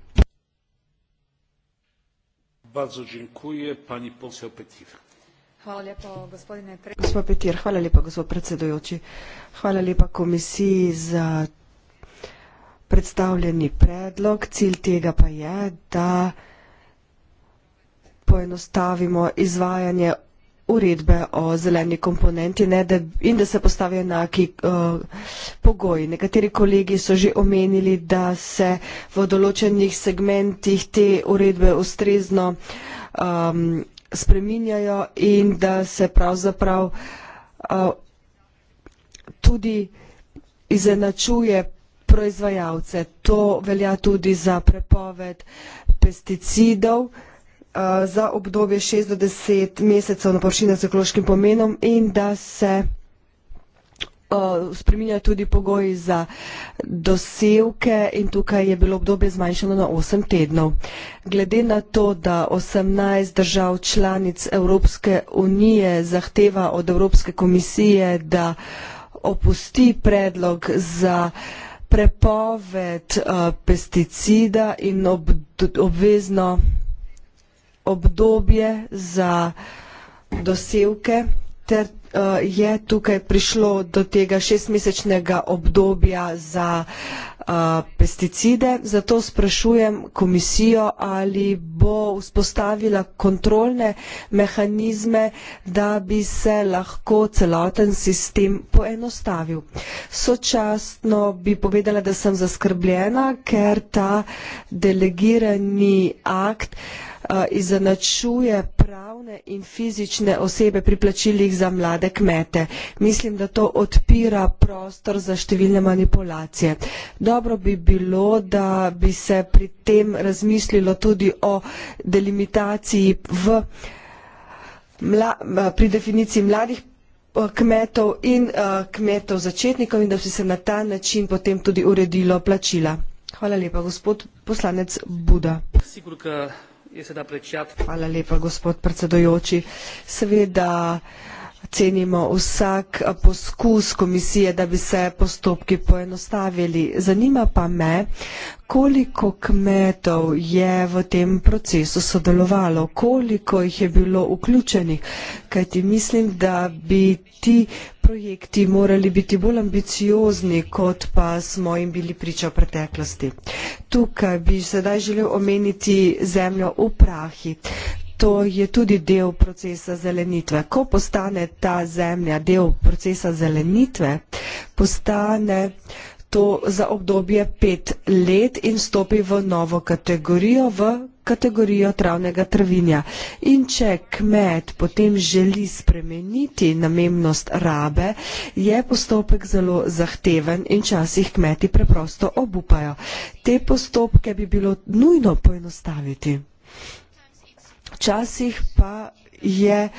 Hvala lepa, gospod predsedujoči. Hvala lepa komisiji za predstavljeni predlog. Cilj tega pa je, da poenostavimo izvajanje uredbe o zeleni komponenti ne, da, in da se postavi enaki uh, eh, pogoj. Nekateri kolegi so že omenili, da se v določenih segmentih te uredbe ustrezno um, spreminjajo in da se pravzaprav uh, tudi izenačuje proizvajalce. To velja tudi za prepoved pesticidov za obdobje 6 do 10 mesecev na površinah z ekološkim pomenom in da se uh, spreminjajo tudi pogoji za dosevke in tukaj je bilo obdobje zmanjšeno na 8 tednov. Glede na to, da 18 držav članic Evropske unije zahteva od Evropske komisije, da opusti predlog za prepoved uh, pesticida in ob, obvezno obdobje za dosevke, ter uh, je tukaj prišlo do tega šestmesečnega obdobja za uh, pesticide. Zato sprašujem komisijo, ali bo vzpostavila kontrolne mehanizme, da bi se lahko celoten sistem poenostavil. Sočasno bi povedala, da sem zaskrbljena, ker ta delegirani akt uh, izenačuje pravne in fizične osebe pri plačilih za mlade kmete. Mislim, da to odpira prostor za številne manipulacije. Dobro bi bilo, da bi se pri tem razmislilo tudi o delimitaciji v, mla, pri definiciji mladih kmetov in kmetov začetnikov in da bi se na ta način potem tudi uredilo plačila. Hvala lepa, gospod poslanec Buda. Sigur, Hvala lepa, gospod predsedujoči. Seveda Cenimo vsak eh, poskus komisije, da bi se postopki poenostavili. Zanima pa me, koliko kmetov je v tem procesu sodelovalo, koliko jih je bilo vključenih, kajti mislim, da bi ti projekti morali biti bolj ambiciozni, kot pa smo jim bili priča v preteklosti. Tukaj bi sedaj želel omeniti zemljo v prahi to je tudi del procesa zelenitve. Ko postane ta zemlja del procesa zelenitve, postane to za obdobje pet let in stopi v novo kategorijo, v kategorijo travnega travinja. In če kmet potem želi spremeniti namennost rabe, je postopek zelo zahteven in časih kmeti preprosto obupajo. Te postopke bi bilo nujno poenostaviti včasih pa je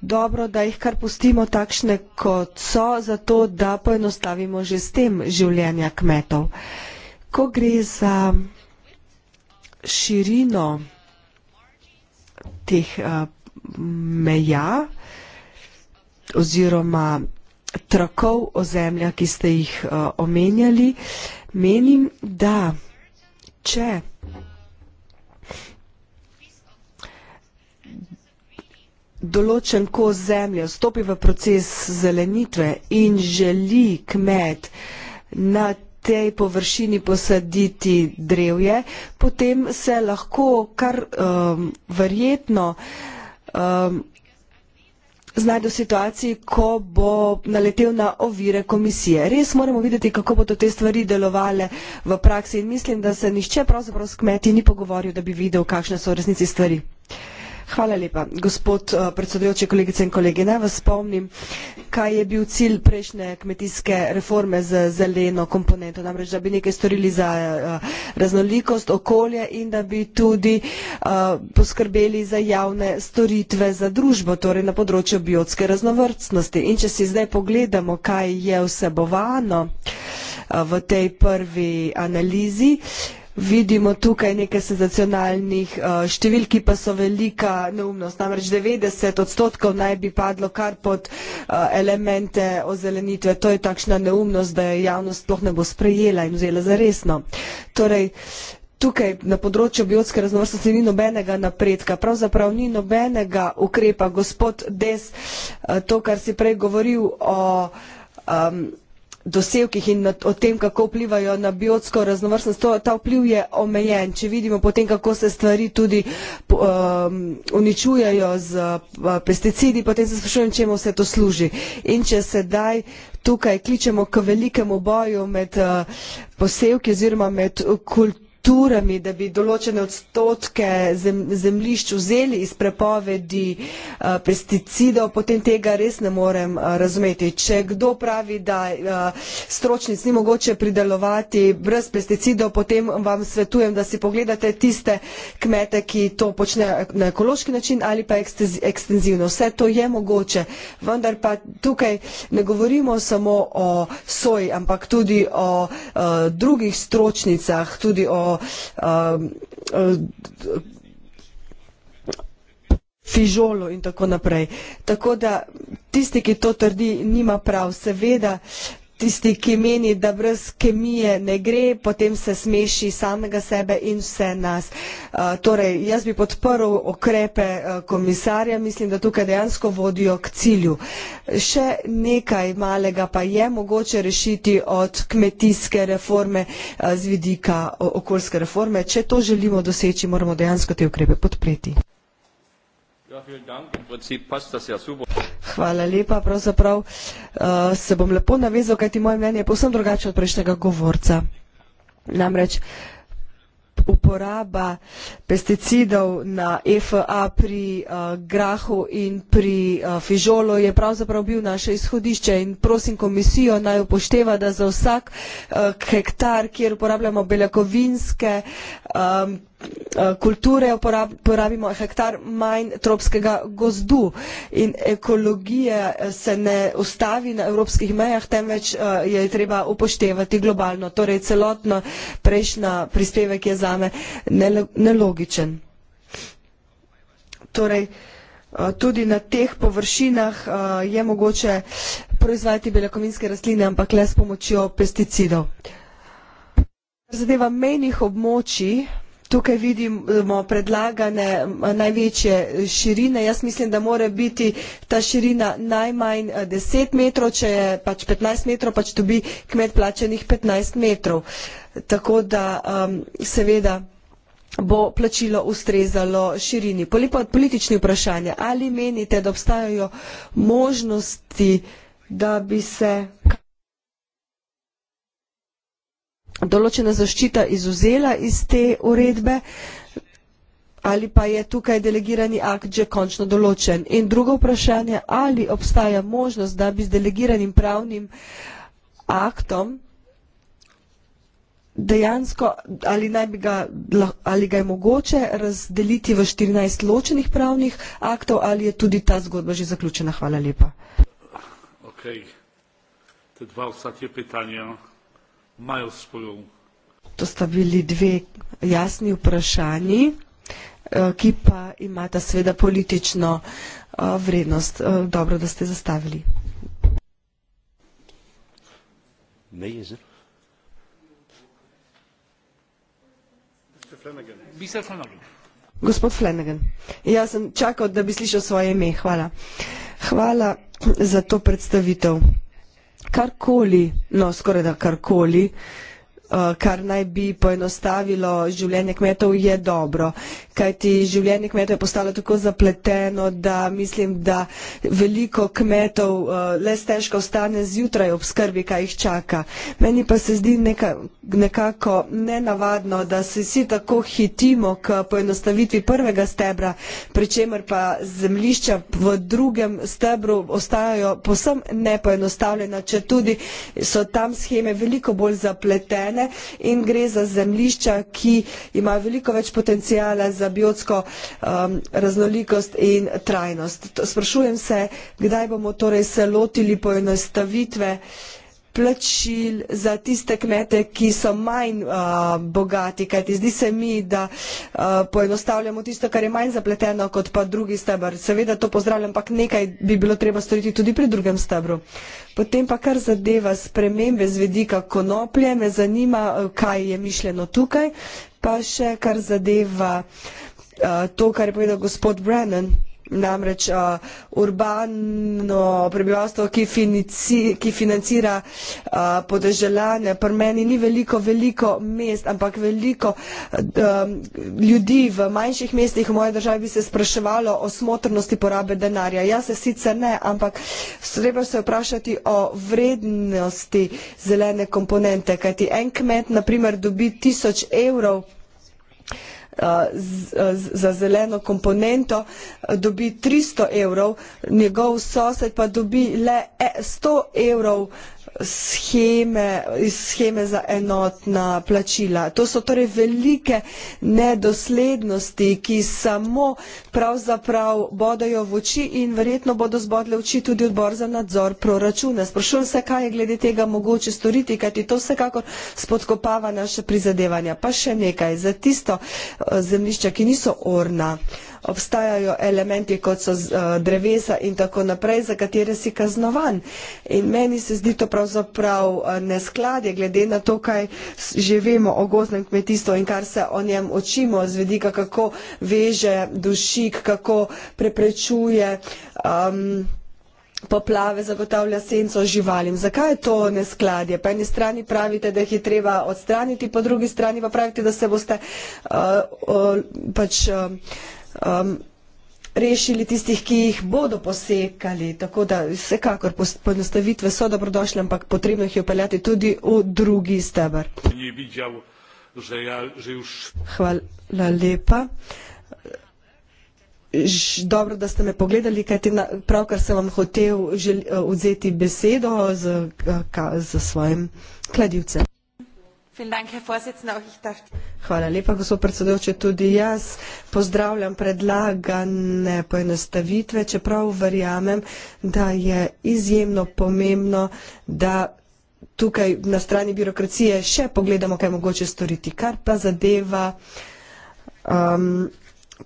dobro, da jih kar pustimo takšne, kot so, zato da poenostavimo že s tem življenja kmetov. Ko gre za širino teh uh, meja oziroma trakov ozemlja, ki ste jih uh, omenjali, menim, da če določen kos zemlje vstopi v proces zelenitve in želi kmet na tej površini posaditi drevje, potem se lahko kar um, verjetno um, znajde v situaciji, ko bo naletel na ovire komisije. Res moramo videti, kako bodo te stvari delovale v praksi in mislim, da se nišče pravzaprav s kmeti ni pogovoril, da bi videl, kakšne so resnici stvari. Uh, Hvala lepa. Gospod eh, predsedujoči, kolegice in kolegi, naj vas spomnim, kaj je bil cilj prejšnje kmetijske reforme z zeleno komponento. Namreč, da bi nekaj storili za eh, raznolikost okolja in da bi tudi eh, poskrbeli za javne storitve za družbo, torej na področju biotske raznovrstnosti. In če si zdaj pogledamo, kaj je vsebovano v tej prvi analizi, vidimo tukaj nekaj senzacionalnih eh, številk, pa so velika neumnost. Namreč 90 odstotkov naj bi padlo kar pod eh, elemente ozelenitve. To je takšna neumnost, da je javnost sploh ne bo sprejela in vzela za resno. Torej, Tukaj na področju biotske raznovrstnosti ni nobenega napredka, pravzaprav ni nobenega ukrepa. Gospod Des, eh, to, kar si prej govoril o um, dosevkih in na, o tem, kako vplivajo na biotsko raznovrstnost. To, ta vpliv je omejen. Če vidimo potem, kako se stvari tudi um, uničujajo z uh, pesticidi, potem se sprašujem, čemu vse to služi. In če sedaj tukaj kličemo k velikemu boju med uh, posevki oziroma med kulturo, strukturami, da bi določene odstotke zem, zemljišč vzeli iz prepovedi uh, pesticidov, potem tega res ne morem uh, razumeti. Če kdo pravi, da uh, stročnic ni mogoče pridelovati brez pesticidov, potem vam svetujem, da si pogledate tiste kmete, ki to počnejo na ekološki način ali pa ekstenzivno. Vse to je mogoče, vendar pa tukaj ne govorimo samo o soji, ampak tudi o uh, drugih stročnicah, tudi o Eh, fižolo in tako naprej. Tako da tisti, ki to trdi, nima prav. Seveda uh, tisti, ki meni, da brez kemije ne gre, potem se smeši samega sebe in vse nas. Torej, jaz bi podprl okrepe komisarja, mislim, da tukaj dejansko vodijo k cilju. Še nekaj malega pa je mogoče rešiti od kmetijske reforme z vidika okoljske reforme. Če to želimo doseči, moramo dejansko te ukrepe podpreti. Ja Hvala lepa, pravzaprav uh, se bom lepo navezal, kajti moje mnenje je povsem drugače od prejšnjega govorca. Namreč uporaba pesticidov na FA pri uh, grahu in pri uh, fižolu je pravzaprav bil naše izhodišče in prosim komisijo naj upošteva, da za vsak uh, hektar, kjer uporabljamo beljakovinske um, Eh, kulture, porabimo hektar manj tropskega gozdu in ekologija eh, se ne ustavi na evropskih mejah, temveč eh, je treba upoštevati globalno. Torej celotno prejšnja prispevek je zame nelogičen. Torej, tudi na teh površinah je mogoče proizvajati beljakovinske rastline, ampak le s pomočjo pesticidov. Zadeva mejnih območij, tukaj vidimo predlagane največje širine. Jaz mislim, da mora biti ta širina najmanj 10 eh, metrov, če je pač 15 metrov, pač dobi kmet plačenih 15 metrov. Tako da um, seveda bo plačilo ustrezalo širini. Politični vprašanje, ali menite, da obstajajo možnosti, da bi se določena zaščita izuzela iz te uredbe ali pa je tukaj delegirani akt že končno določen. In drugo vprašanje, ali obstaja možnost, da bi z delegiranim pravnim aktom dejansko, ali, naj bi ga, ali ga je mogoče razdeliti v 14 ločenih pravnih aktov, ali je tudi ta zgodba že zaključena. Hvala lepa. Okay. Te dva ostatnje vprašanja. No? imajo s pojavom? To sta bili dve jasni vprašanji, eh, ki pa imata seveda politično eh, vrednost. Eh, dobro, da ste zastavili. Mejezer. Gospod Flanagan, jaz sem čakal, da bi slišal svoje ime. Hvala. Hvala za to predstavitev karkoli, no skoraj da karkoli, uh, Eh, kar naj bi poenostavilo življenje kmetov, je dobro. Kajti življenje kmetov je postalo tako zapleteno, da mislim, da veliko kmetov eh, le stežka ostane zjutraj ob skrbi, kaj jih čaka. Meni pa se zdi neka, nekako nenavadno, da se vsi tako hitimo k poenostavitvi prvega stebra, pri čemer pa zemlišča v drugem stebru ostajajo posem nepoenostavljena, če tudi so tam scheme veliko bolj zapletene zemlje in gre za zemlišča, ki imajo veliko več potencijala za biotsko um, raznolikost in trajnost. To, sprašujem se, kdaj bomo torej se lotili poenostavitve uh, plačil za tiste kmete, ki so manj uh, bogati, kajti zdi se mi, da uh, poenostavljamo tisto, kar je manj zapleteno, kot pa drugi stebr. Seveda to pozdravljam, ampak nekaj bi bilo treba storiti tudi pri drugem stebru. Potem pa kar zadeva spremembe z vedika konoplje, me zanima, uh, kaj je mišljeno tukaj, pa še kar zadeva uh, to, kar je povedal gospod Brennan namreč uh, urbano prebivalstvo, ki, finici, ki financira uh, eh, podeželanje, pri meni ni veliko, veliko mest, ampak veliko uh, ljudi v manjših mestih v moje državi bi se spraševalo o smotrnosti porabe denarja. Jaz se sicer ne, ampak treba se vprašati o vrednosti zelene komponente, kajti en kmet naprimer dobi tisoč evrov Eh, eh, z, za zeleno komponento eh, dobi 300 evrov, njegov sosed pa dobi le 100 evrov Scheme, scheme za enotna plačila. To so torej velike nedoslednosti, ki samo pravzaprav bodajo v oči in verjetno bodo zbodle v oči tudi odbor za nadzor proračuna. Sprašujem se, kaj je glede tega mogoče storiti, kajti to vsekakor spodkopava naše prizadevanja. Pa še nekaj, za tisto eh, zemlišče, ki niso orna. Uh, obstajajo elementi, kot so eh, drevesa in tako naprej, za katere si kaznovan. In meni se zdi to pravzaprav eh, neskladje, glede na to, kaj živimo o gozdnem kmetijstvu in kar se o njem očimo, zvedika, kako veže dušik, kako preprečuje. Um, poplave zagotavlja senco živalim. Zakaj je to neskladje? Po eni strani pravite, da jih je treba odstraniti, po drugi strani pa pravite, da se boste uh, uh, pač uh, um, rešili tistih, ki jih bodo posekali. Tako da vsekakor poenostavitve so dobrodošle, ampak potrebno jih je upeljati tudi v drugi stebr. Hvala lepa. Dobro, da ste me pogledali, kaj te pravkar sem vam hotel eh, vzeti besedo z, z eh, svojim kladivcem. Hvala lepa, gospod predsedujoči. Tudi jaz pozdravljam predlagane poenostavitve, čeprav verjamem, da je izjemno pomembno, da tukaj na strani birokracije še pogledamo, kaj mogoče storiti. Kar pa zadeva um,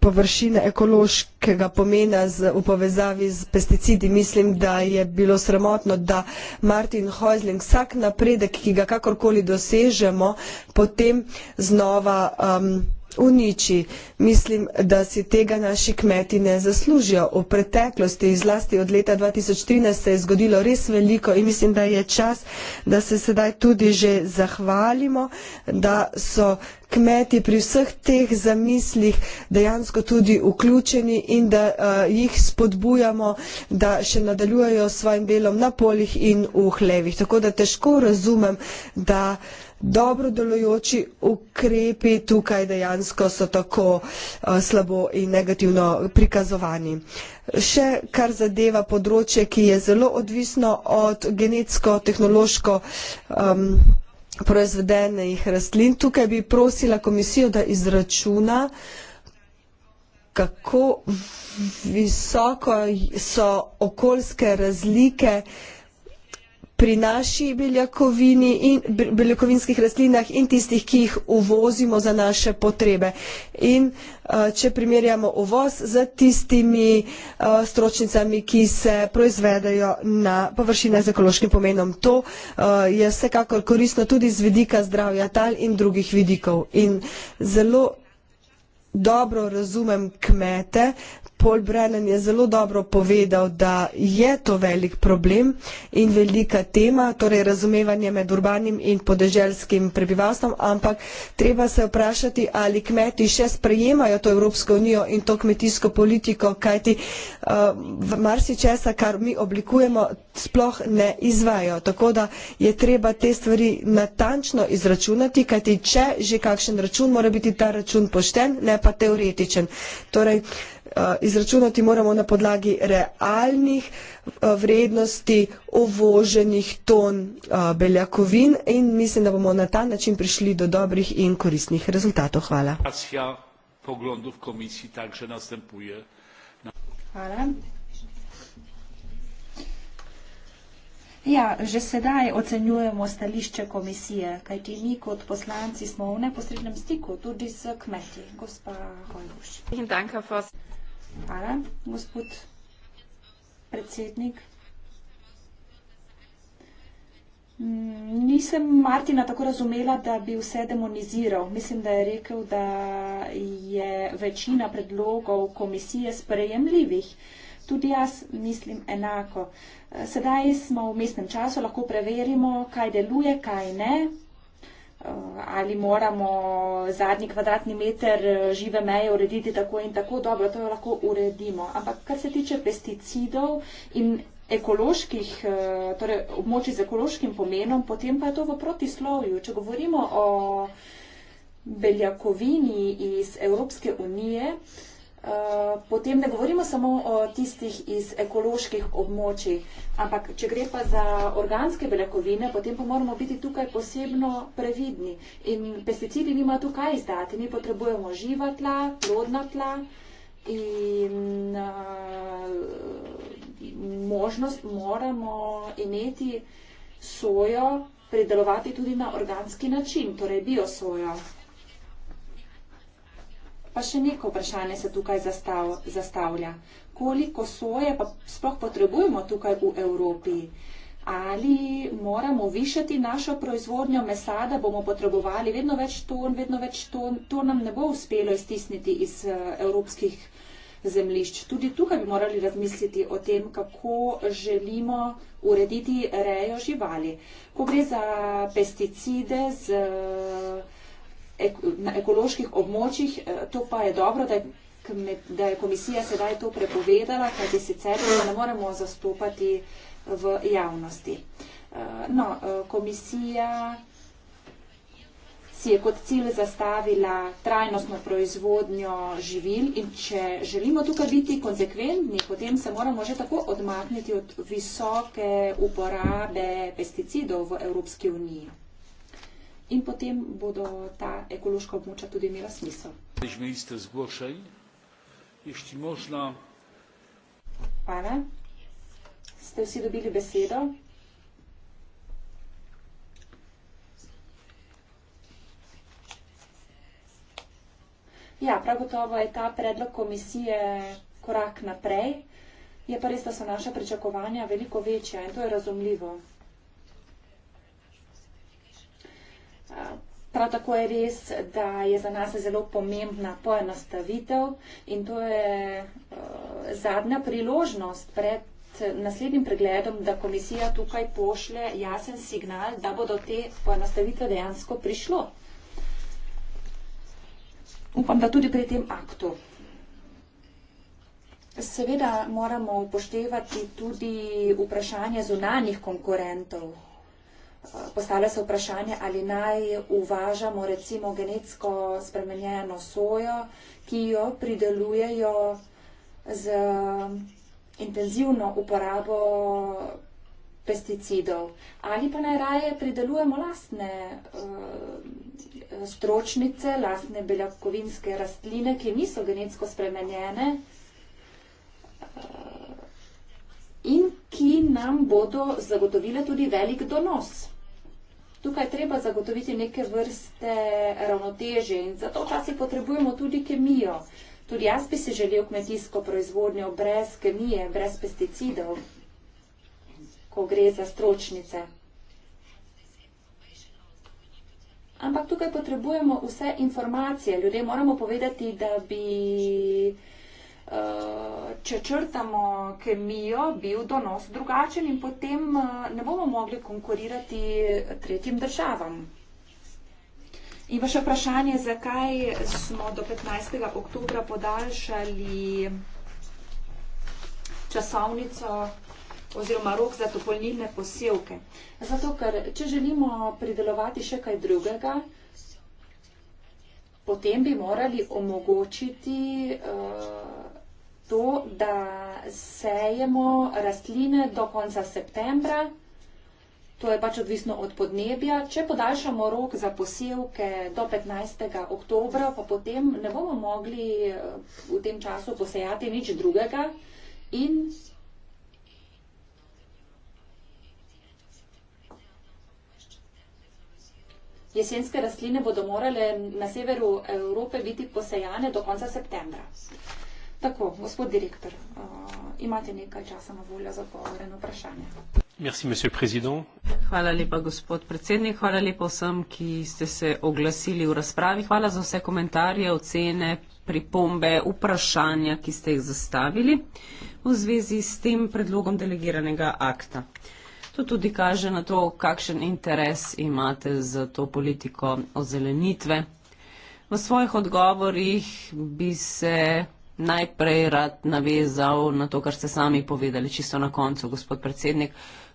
površine ekološkega pomena z, v povezavi z pesticidi. Mislim, da je bilo sramotno, da Martin Heusling vsak napredek, ki ga kakorkoli dosežemo, potem znova um, uniči. Mislim, da si tega naši kmeti ne zaslužijo. V preteklosti, zlasti od leta 2013, se je zgodilo res veliko in mislim, da je čas, da se sedaj tudi že zahvalimo, da so kmeti pri vseh teh zamislih dejansko tudi vključeni in da uh, jih spodbujamo, da še nadaljujejo s svojim delom na poljih in v hlevih. Tako da težko razumem, da uh, dobro delujoči ukrepi tukaj dejansko so tako eh, slabo in negativno prikazovani. Še kar zadeva področje, ki je zelo odvisno od genetsko-tehnološko um, proizvedenih rastlin, tukaj bi prosila komisijo, da izračuna, kako visoko so okoljske razlike, uh, pri naši beljakovini in beljakovinskih rastlinah in tistih, ki jih uvozimo za naše potrebe. In če primerjamo uvoz z tistimi stročnicami, ki se proizvedajo na površine z ekološkim pomenom, to je vsekakor koristno tudi z vidika zdravja tal in drugih vidikov. In zelo dobro razumem kmete, Paul Brennan je zelo dobro povedal, da je to velik problem in velika tema, torej razumevanje med urbanim in podeželskim prebivalstvom, ampak treba se vprašati, ali kmeti še sprejemajo to Evropsko unijo in to kmetijsko politiko, kajti uh, eh, marsi česa, kar mi oblikujemo, sploh ne izvajo. Tako da je treba te stvari natančno izračunati, kajti če že kakšen račun, mora biti ta račun pošten, ne pa teoretičen. Torej, Eh, izračunati moramo na podlagi realnih eh, vrednosti uvoženih ton eh, beljakovin in mislim, da bomo na ta način prišli do dobrih in koristnih rezultatov. Hvala. Hvala. Ja, že sedaj ocenjujemo stališče komisije, kajti mi kot poslanci smo v neposrednem stiku tudi s kmeti. Gospa Hojbuš. Hvala, gospod predsednik. Mm, nisem Martina tako razumela, da bi vse demoniziral. Mislim, da je rekel, da je večina predlogov komisije sprejemljivih. Tudi jaz mislim enako. Sedaj smo v mestnem času, lahko preverimo, kaj deluje, kaj ne. Eh, ali moramo zadnji kvadratni meter eh, žive meje urediti tako in tako, dobro, to jo lahko uredimo. Ampak kar se tiče pesticidov in ekoloških, eh, torej območij z ekološkim pomenom, potem pa je to v protislovju. Če govorimo o beljakovini iz Evropske unije, Eh, potem ne govorimo samo o tistih iz ekoloških območij, ampak če gre pa za organske beljakovine, potem pa moramo biti tukaj posebno previdni. In pesticidi nimajo tukaj izdati, mi potrebujemo živa tla, plodna tla in uh, možnost moramo imeti sojo, pridelovati tudi na organski način, torej biosojo pa še neko vprašanje se tukaj zastav, zastavlja. Koliko soje pa sploh potrebujemo tukaj v Evropi? Ali moramo višati našo proizvodnjo mesa, da bomo potrebovali vedno več ton, vedno več ton, to nam ne bo uspelo iztisniti iz eh, evropskih zemlišč. Tudi tukaj bi morali razmisliti o tem, kako želimo urediti rejo živali. Ko gre za pesticide z. Uh, na ekoloških območjih. Eh, to pa je dobro, da je, da je komisija sedaj to prepovedala, kaj bi sicer ne moremo zastopati eh, v javnosti. Eh, no, komisija si je kot cilj zastavila trajnostno proizvodnjo živil in če želimo tukaj biti konsekventni, potem se moramo že tako odmakniti od visoke uporabe pesticidov v Evropski uniji in potem bodo ta ekološka območja tudi imela smisel. Hvala. Ste vsi dobili besedo? Ja, prav gotovo je ta predlog komisije korak naprej. Je pa res, da so naše pričakovanja veliko večja in to je razumljivo. Prav tako je res, da je za nas zelo pomembna poenostavitev in to je eh, zadnja priložnost pred naslednjim pregledom, da komisija tukaj pošlje jasen signal, da bo do te poenostavitve dejansko prišlo. Upam, da tudi pri tem aktu. Seveda moramo upoštevati tudi vprašanje zunanjih konkurentov. Postavlja se vprašanje, ali naj uvažamo recimo genetsko spremenjeno sojo, ki jo pridelujejo z intenzivno uporabo pesticidov, ali pa naj raje pridelujemo lastne uh, stročnice, lastne beljakovinske rastline, ki niso genetsko spremenjene. Eh, in ki nam bodo zagotovile tudi velik donos tukaj treba zagotoviti neke vrste ravnoteže in zato včasih potrebujemo tudi kemijo. Tudi jaz bi si želel kmetijsko proizvodnjo brez kemije, brez pesticidov, ko gre za stročnice. Ampak tukaj potrebujemo vse informacije. Ljudje moramo povedati, da bi če črtamo kemijo, bil donos drugačen in potem eh, ne bomo mogli konkurirati eh, tretjim državam. In vaše vprašanje, zakaj smo do 15. oktobra podaljšali časovnico oziroma rok za dopolnilne posevke. Zato, ker če želimo pridelovati še kaj drugega, potem bi morali omogočiti uh, to, da sejemo rastline do konca septembra. To je pač odvisno od podnebja. Če podaljšamo rok za posevke do 15. oktobra, pa potem ne bomo mogli eh, v tem času posejati nič drugega. In jesenske rastline bodo morale na severu Evrope biti posejane do konca septembra. Tako, gospod direktor, uh, imate nekaj časa na voljo za odgovore na vprašanje. Merci, monsieur président. Hvala lepa, gospod predsednik. Hvala lepa vsem, ki ste se oglasili v razpravi. Hvala za vse komentarje, ocene, pripombe, vprašanja, ki ste jih zastavili v zvezi s tem predlogom delegiranega akta. To tudi kaže na to, kakšen interes imate za to politiko ozelenitve. V svojih odgovorih bi se najprej rad navezal na to, kar ste sami povedali, čisto na koncu, gospod predsednik.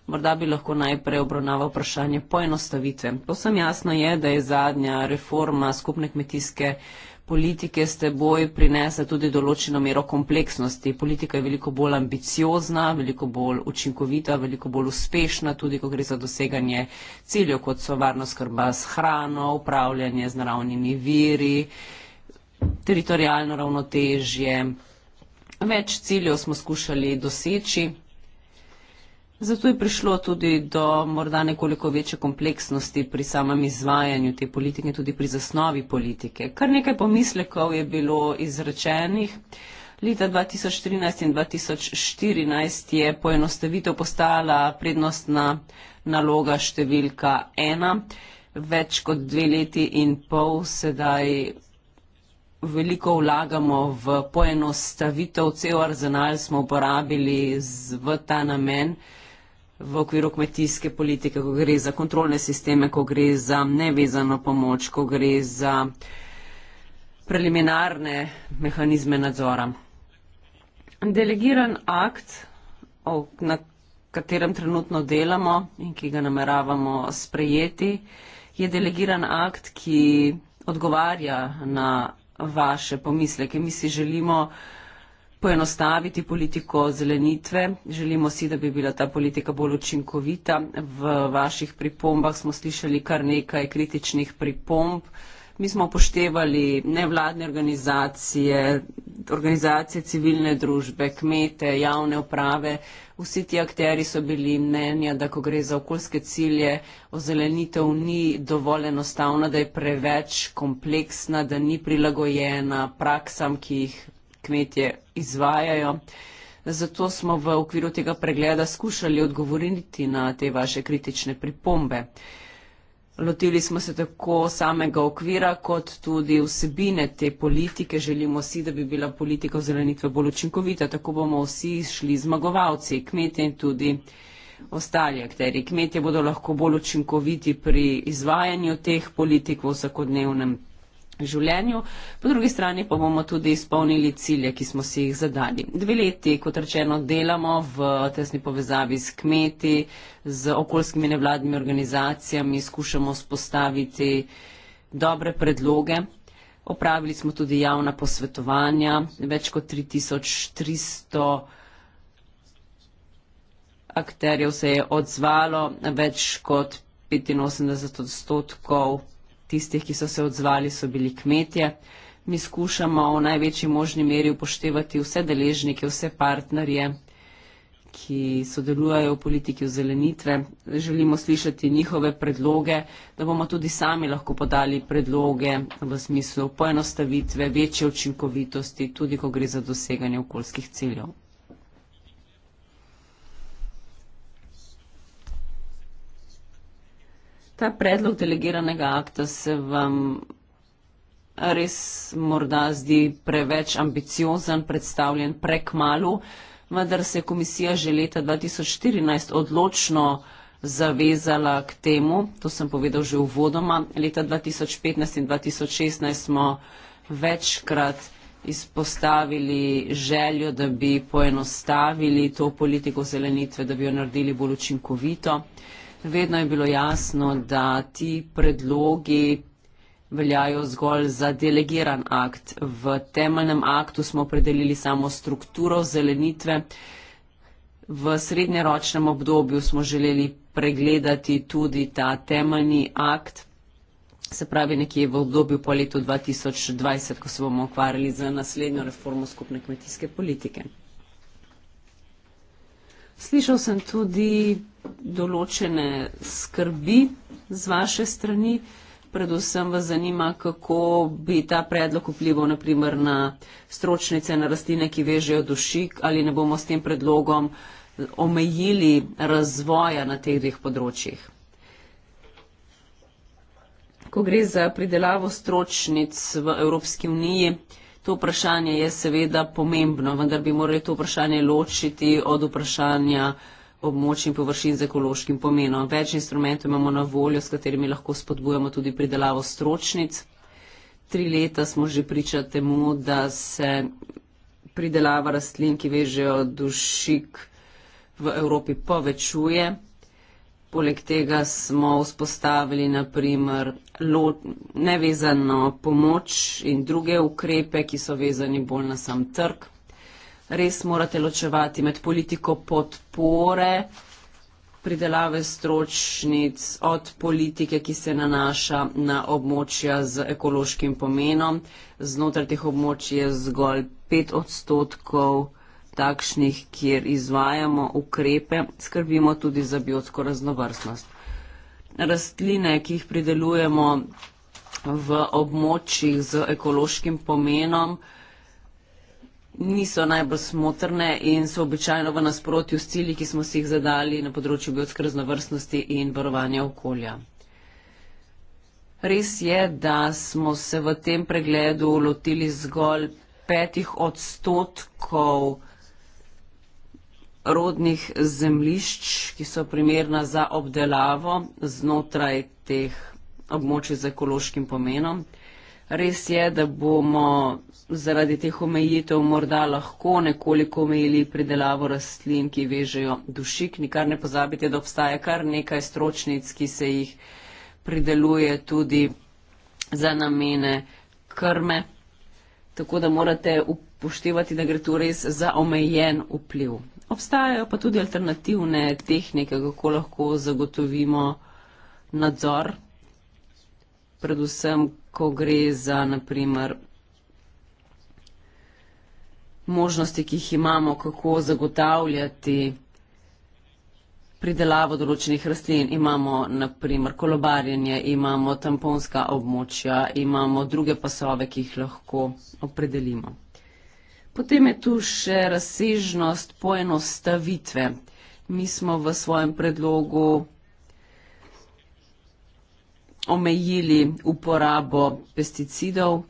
Morda bi lahko najprej obravnava vprašanje poenostavitve. Posem jasno je, da je zadnja reforma skupne kmetijske politike s teboj prinese tudi določeno mero kompleksnosti. Politika je veliko bolj ambiciozna, veliko bolj učinkovita, veliko bolj uspešna, tudi ko gre za doseganje ciljev, kot so varnost skrba s hrano, upravljanje z naravnimi viri. Uh, teritorijalno ravnotežje. Več ciljev smo skušali doseči. Zato je prišlo tudi do morda nekoliko večje kompleksnosti pri samem izvajanju te politike, tudi pri zasnovi politike. Kar nekaj pomislekov je bilo izrečenih. Leta 2013 in 2014 je poenostavitev postala prednostna naloga številka ena. Več kot dve leti in pol sedaj veliko vlagamo v poenostavitev, cel arzenal smo uporabili z, v ta namen v okviru kmetijske politike, ko gre za kontrolne sisteme, ko gre za nevezano pomoč, ko gre za preliminarne mehanizme nadzora. Delegiran akt, na katerem trenutno delamo in ki ga nameravamo sprejeti, je delegiran akt, ki odgovarja na vaše pomisleke. Mi si želimo poenostaviti politiko zelenitve, želimo si, da bi bila ta politika bolj učinkovita. V vaših pripombah smo slišali kar nekaj kritičnih pripomb. Mi smo upoštevali nevladne organizacije, organizacije civilne družbe, kmete, javne uprave. Vsi ti akteri so bili mnenja, da ko gre za okoljske cilje, ozelenitev ni dovolj enostavna, da je preveč kompleksna, da ni prilagojena praksam, ki jih kmetje izvajajo. Zato smo v okviru tega pregleda skušali odgovoriti na te vaše kritične pripombe. Lotili smo se tako samega okvira, kot tudi vsebine te politike. Želimo si, da bi bila politika ozelenitve bolj učinkovita. Tako bomo vsi šli zmagovalci, kmetje in tudi ostali akteri. Kmetje bodo lahko bolj učinkoviti pri izvajanju teh politik v vsakodnevnem življenju, po drugi strani pa bomo tudi izpolnili cilje, ki smo si jih zadali. Dve leti, kot rečeno, delamo v tesni povezavi s kmeti, z okoljskimi nevladnimi organizacijami, skušamo spostaviti dobre predloge. Opravili smo tudi javna posvetovanja, več kot 3300 akterjev se je odzvalo, več kot 85 odstotkov tistih, ki so se odzvali, so bili kmetje. Mi skušamo v največji možni meri upoštevati vse deležnike, vse partnerje, ki sodelujejo v politiki ozelenitve. Želimo slišati njihove predloge, da bomo tudi sami lahko podali predloge v smislu poenostavitve, večje učinkovitosti, tudi ko gre za doseganje okoljskih ciljev. Ta predlog delegiranega akta se vam res morda zdi preveč ambiciozen, predstavljen prek malu, vendar se je komisija že leta 2014 odločno zavezala k temu, to sem povedal že uvodoma, leta 2015 in 2016 smo večkrat izpostavili željo, da bi poenostavili to politiko zelenitve, da bi jo naredili bolj učinkovito vedno je bilo jasno, da ti predlogi veljajo zgolj za delegiran akt. V temeljnem aktu smo predelili samo strukturo zelenitve. V srednjeročnem obdobju smo želeli pregledati tudi ta temeljni akt, se pravi nekje v obdobju po letu 2020, ko se bomo ukvarjali z naslednjo reformo skupne kmetijske politike. Slišal sem tudi določene skrbi z vaše strani. Predvsem vas zanima, kako bi ta predlog vplival naprimer na stročnice, na rastline, ki vežejo dušik, ali ne bomo s tem predlogom omejili razvoja na teh dveh področjih. Ko gre za pridelavo stročnic v Evropski uniji, To vprašanje je seveda pomembno, vendar bi morali to vprašanje ločiti od vprašanja območij in površin z ekološkim pomenom. Več instrumentov imamo na voljo, s katerimi lahko spodbujamo tudi pridelavo stročnic. Tri leta smo že pričali temu, da se pridelava rastlin, ki vežejo dušik v Evropi, povečuje. Poleg tega smo vzpostavili naprimer nevezano pomoč in druge ukrepe, ki so vezani bolj na sam trg. Res morate ločevati med politiko podpore pridelave stročnic od politike, ki se nanaša na območja z ekološkim pomenom. Znotraj teh območij je zgolj 5 odstotkov takšnih, kjer izvajamo ukrepe, skrbimo tudi za biotsko raznovrstnost. Rastline, ki jih pridelujemo v območjih z ekološkim pomenom, niso najbolj smotrne in so običajno v nasprotju s cilji, ki smo si jih zadali na področju biotske raznovrstnosti in varovanja okolja. Res je, da smo se v tem pregledu lotili zgolj petih odstotkov rodnih zemlišč, ki so primerna za obdelavo znotraj teh območij z ekološkim pomenom. Res je, da bomo zaradi teh omejitev morda lahko nekoliko omejili pridelavo rastlin, ki vežejo dušik. Nikar ne pozabite, da obstaja kar nekaj stročnic, ki se jih prideluje tudi za namene krme. Tako da morate upoštevati, da gre tu res za omejen vpliv Obstajajo pa tudi alternativne tehnike, kako lahko zagotovimo nadzor, predvsem, ko gre za naprimer možnosti, ki jih imamo, kako zagotavljati pridelavo določenih rastlin. Imamo naprimer kolobarjenje, imamo tamponska območja, imamo druge pasove, ki jih lahko opredelimo. Potem je tu še razsežnost poenostavitve. Mi smo v svojem predlogu omejili uporabo pesticidov.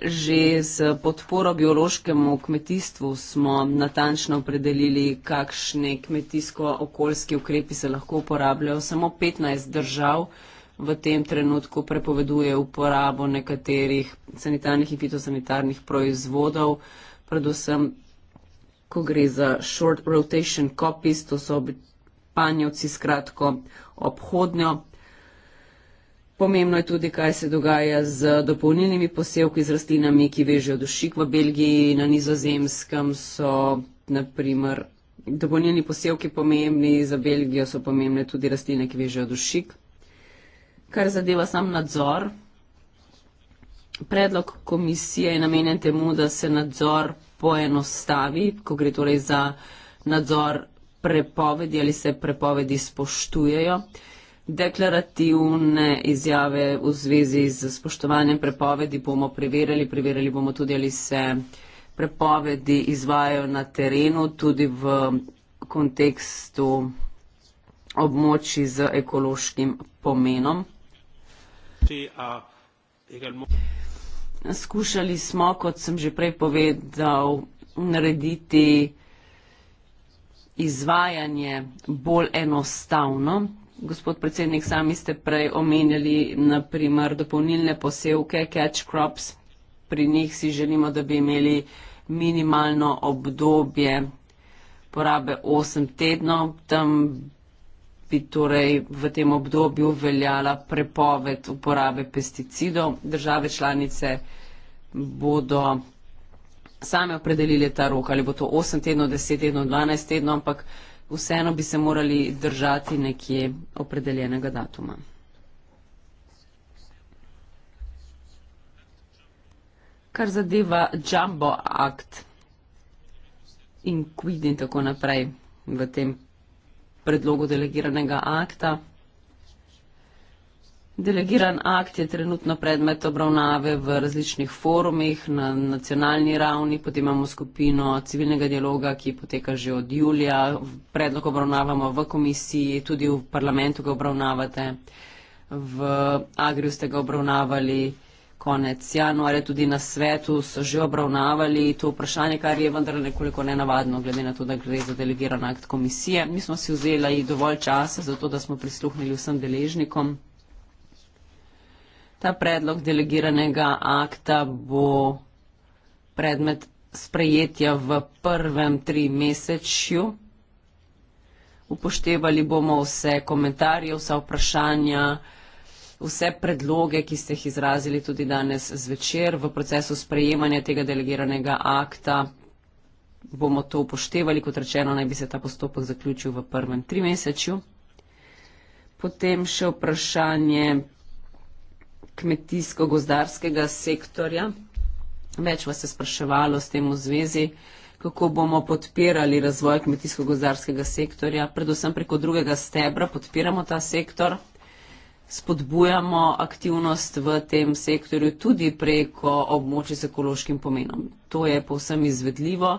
Že z podporo biološkemu kmetijstvu smo natančno opredelili, kakšne kmetijsko-okoljski ukrepi se lahko uporabljajo. Samo 15 držav v tem trenutku prepoveduje uporabo nekaterih sanitarnih in fitosanitarnih proizvodov. Uh, predvsem ko gre za short rotation copies, to so panjevci skratko obhodnjo. Pomembno je tudi, kaj se dogaja z dopolnilnimi posevki z rastlinami, ki vežejo dušik v Belgiji, na nizozemskem so naprimer dopolnilni posevki pomembni, za Belgijo so pomembne tudi rastline, ki vežejo dušik. Kar zadeva sam nadzor, predlog komisije je namenjen temu, da se nadzor poenostavi, ko gre torej za nadzor prepovedi ali se prepovedi spoštujejo. Deklarativne izjave v zvezi z spoštovanjem prepovedi bomo preverjali, preverjali bomo tudi, ali se prepovedi izvajajo na terenu, tudi v kontekstu območji z ekološkim pomenom skušali smo, kot sem že prej povedal, narediti izvajanje bolj enostavno. Gospod predsednik, sami ste prej omenjali naprimer dopolnilne posevke, catch crops, pri njih si želimo, da bi imeli minimalno obdobje porabe 8 tednov, tam bi torej v tem obdobju veljala prepoved uporabe pesticidov. Države članice bodo same opredelili ta rok, ali bo to 8 tednov, 10 tednov, 12 tednov, ampak vseeno bi se morali držati nekje opredeljenega datuma. Kar zadeva Jumbo Act in Quid in tako naprej v tem predlogu delegiranega akta. Delegiran akt je trenutno predmet obravnave v različnih forumih na nacionalni ravni, potem imamo skupino civilnega dialoga, ki poteka že od julija, predlog obravnavamo v komisiji, tudi v parlamentu ga obravnavate, v Agriju ste ga obravnavali konec januarja tudi na svetu so že obravnavali to vprašanje, kar je vendar nekoliko nenavadno, glede na to, da gre za delegiran akt komisije. Mi smo si vzeli dovolj časa za to, da smo prisluhnili vsem deležnikom. Ta predlog delegiranega akta bo predmet sprejetja v prvem tri mesečju. Upoštevali bomo vse komentarje, vsa vprašanja, vse predloge, ki ste jih izrazili tudi danes zvečer v procesu sprejemanja tega delegiranega akta. Bomo to upoštevali, kot rečeno, naj bi se ta postopek zaključil v prvem trimesečju. Potem še vprašanje kmetijsko-gozdarskega sektorja. Več vas je spraševalo s tem v zvezi, kako bomo podpirali razvoj kmetijsko-gozdarskega sektorja, predvsem preko drugega stebra podpiramo ta sektor spodbujamo aktivnost v tem sektorju tudi preko območja z ekološkim pomenom. To je povsem izvedljivo.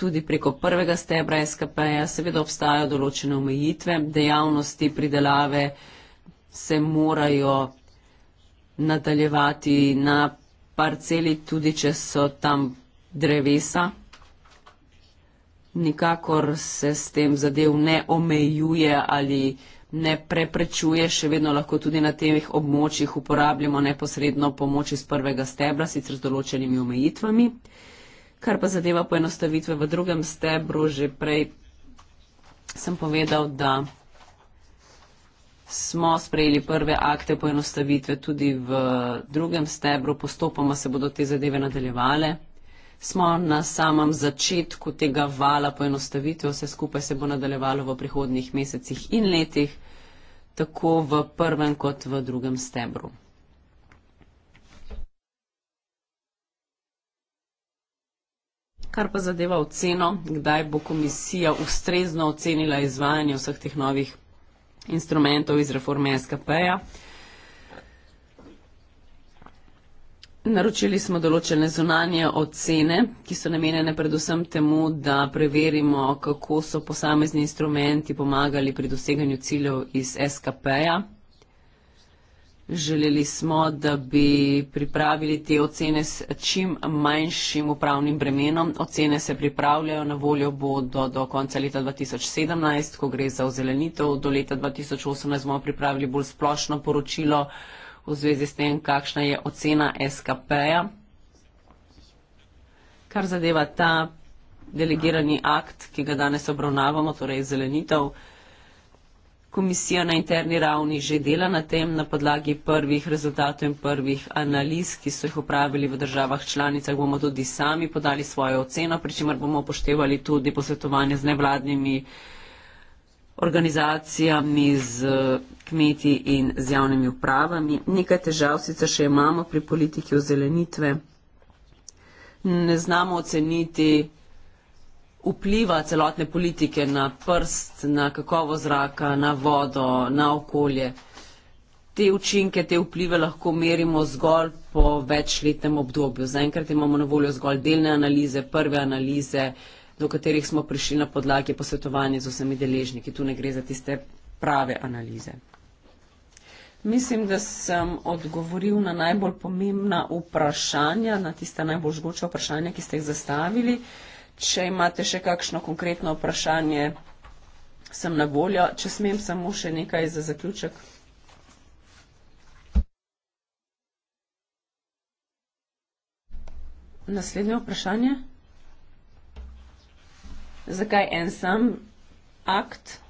Tudi preko prvega stebra SKP-ja seveda obstajajo določene omejitve, dejavnosti pridelave se morajo nadaljevati na parceli, tudi če so tam drevesa. Nikakor se s tem zadev ne omejuje ali ne preprečuje, še vedno lahko tudi na teh območjih uporabljamo neposredno pomoč iz prvega stebra, sicer z določenimi omejitvami. Kar pa zadeva poenostavitve v drugem stebru, že prej sem povedal, da smo sprejeli prve akte poenostavitve tudi v drugem stebru, postopoma se bodo te zadeve nadaljevale smo na samem začetku tega vala poenostavitve, vse skupaj se bo nadaljevalo v prihodnjih mesecih in letih, tako v prvem kot v drugem stebru. Kar pa zadeva oceno, kdaj bo komisija ustrezno ocenila izvajanje vseh teh novih instrumentov iz reforme SKP-ja. Naročili smo določene zunanje ocene, ki so namenjene predvsem temu, da preverimo, kako so posamezni instrumenti pomagali pri doseganju ciljev iz SKP-ja. Želeli smo, da bi pripravili te ocene s čim manjšim upravnim bremenom. Ocene se pripravljajo, na voljo bodo do konca leta 2017, ko gre za ozelenitev. Do leta 2018 bomo pripravili bolj splošno poročilo v zvezi s tem, kakšna je ocena SKP-ja, kar zadeva ta delegirani akt, ki ga danes obravnavamo, torej zelenitev. Komisija na interni ravni že dela na tem na podlagi prvih rezultatov in prvih analiz, ki so jih upravili v državah članicah. Bomo tudi sami podali svojo oceno, pri čemer bomo upoštevali tudi posvetovanje z nevladnimi organizacijami, z eh, kmeti in z javnimi upravami. Nekaj težav sicer še imamo pri politiki ozelenitve. Ne znamo oceniti vpliva celotne politike na prst, na kakovo zraka, na vodo, na okolje. Te učinke, te vplive lahko merimo zgolj po večletnem obdobju. Zaenkrat imamo na voljo zgolj delne analize, prve analize, do katerih smo prišli na podlagi posvetovanja z vsemi deležniki. Tu ne gre za tiste prave analize. Mislim, da sem odgovoril na najbolj pomembna vprašanja, na tiste najbolj žgoče vprašanja, ki ste jih zastavili. Če imate še kakšno konkretno vprašanje, sem na voljo. Če smem samo še nekaj za zaključek. Naslednje vprašanje zakaj en sam akt.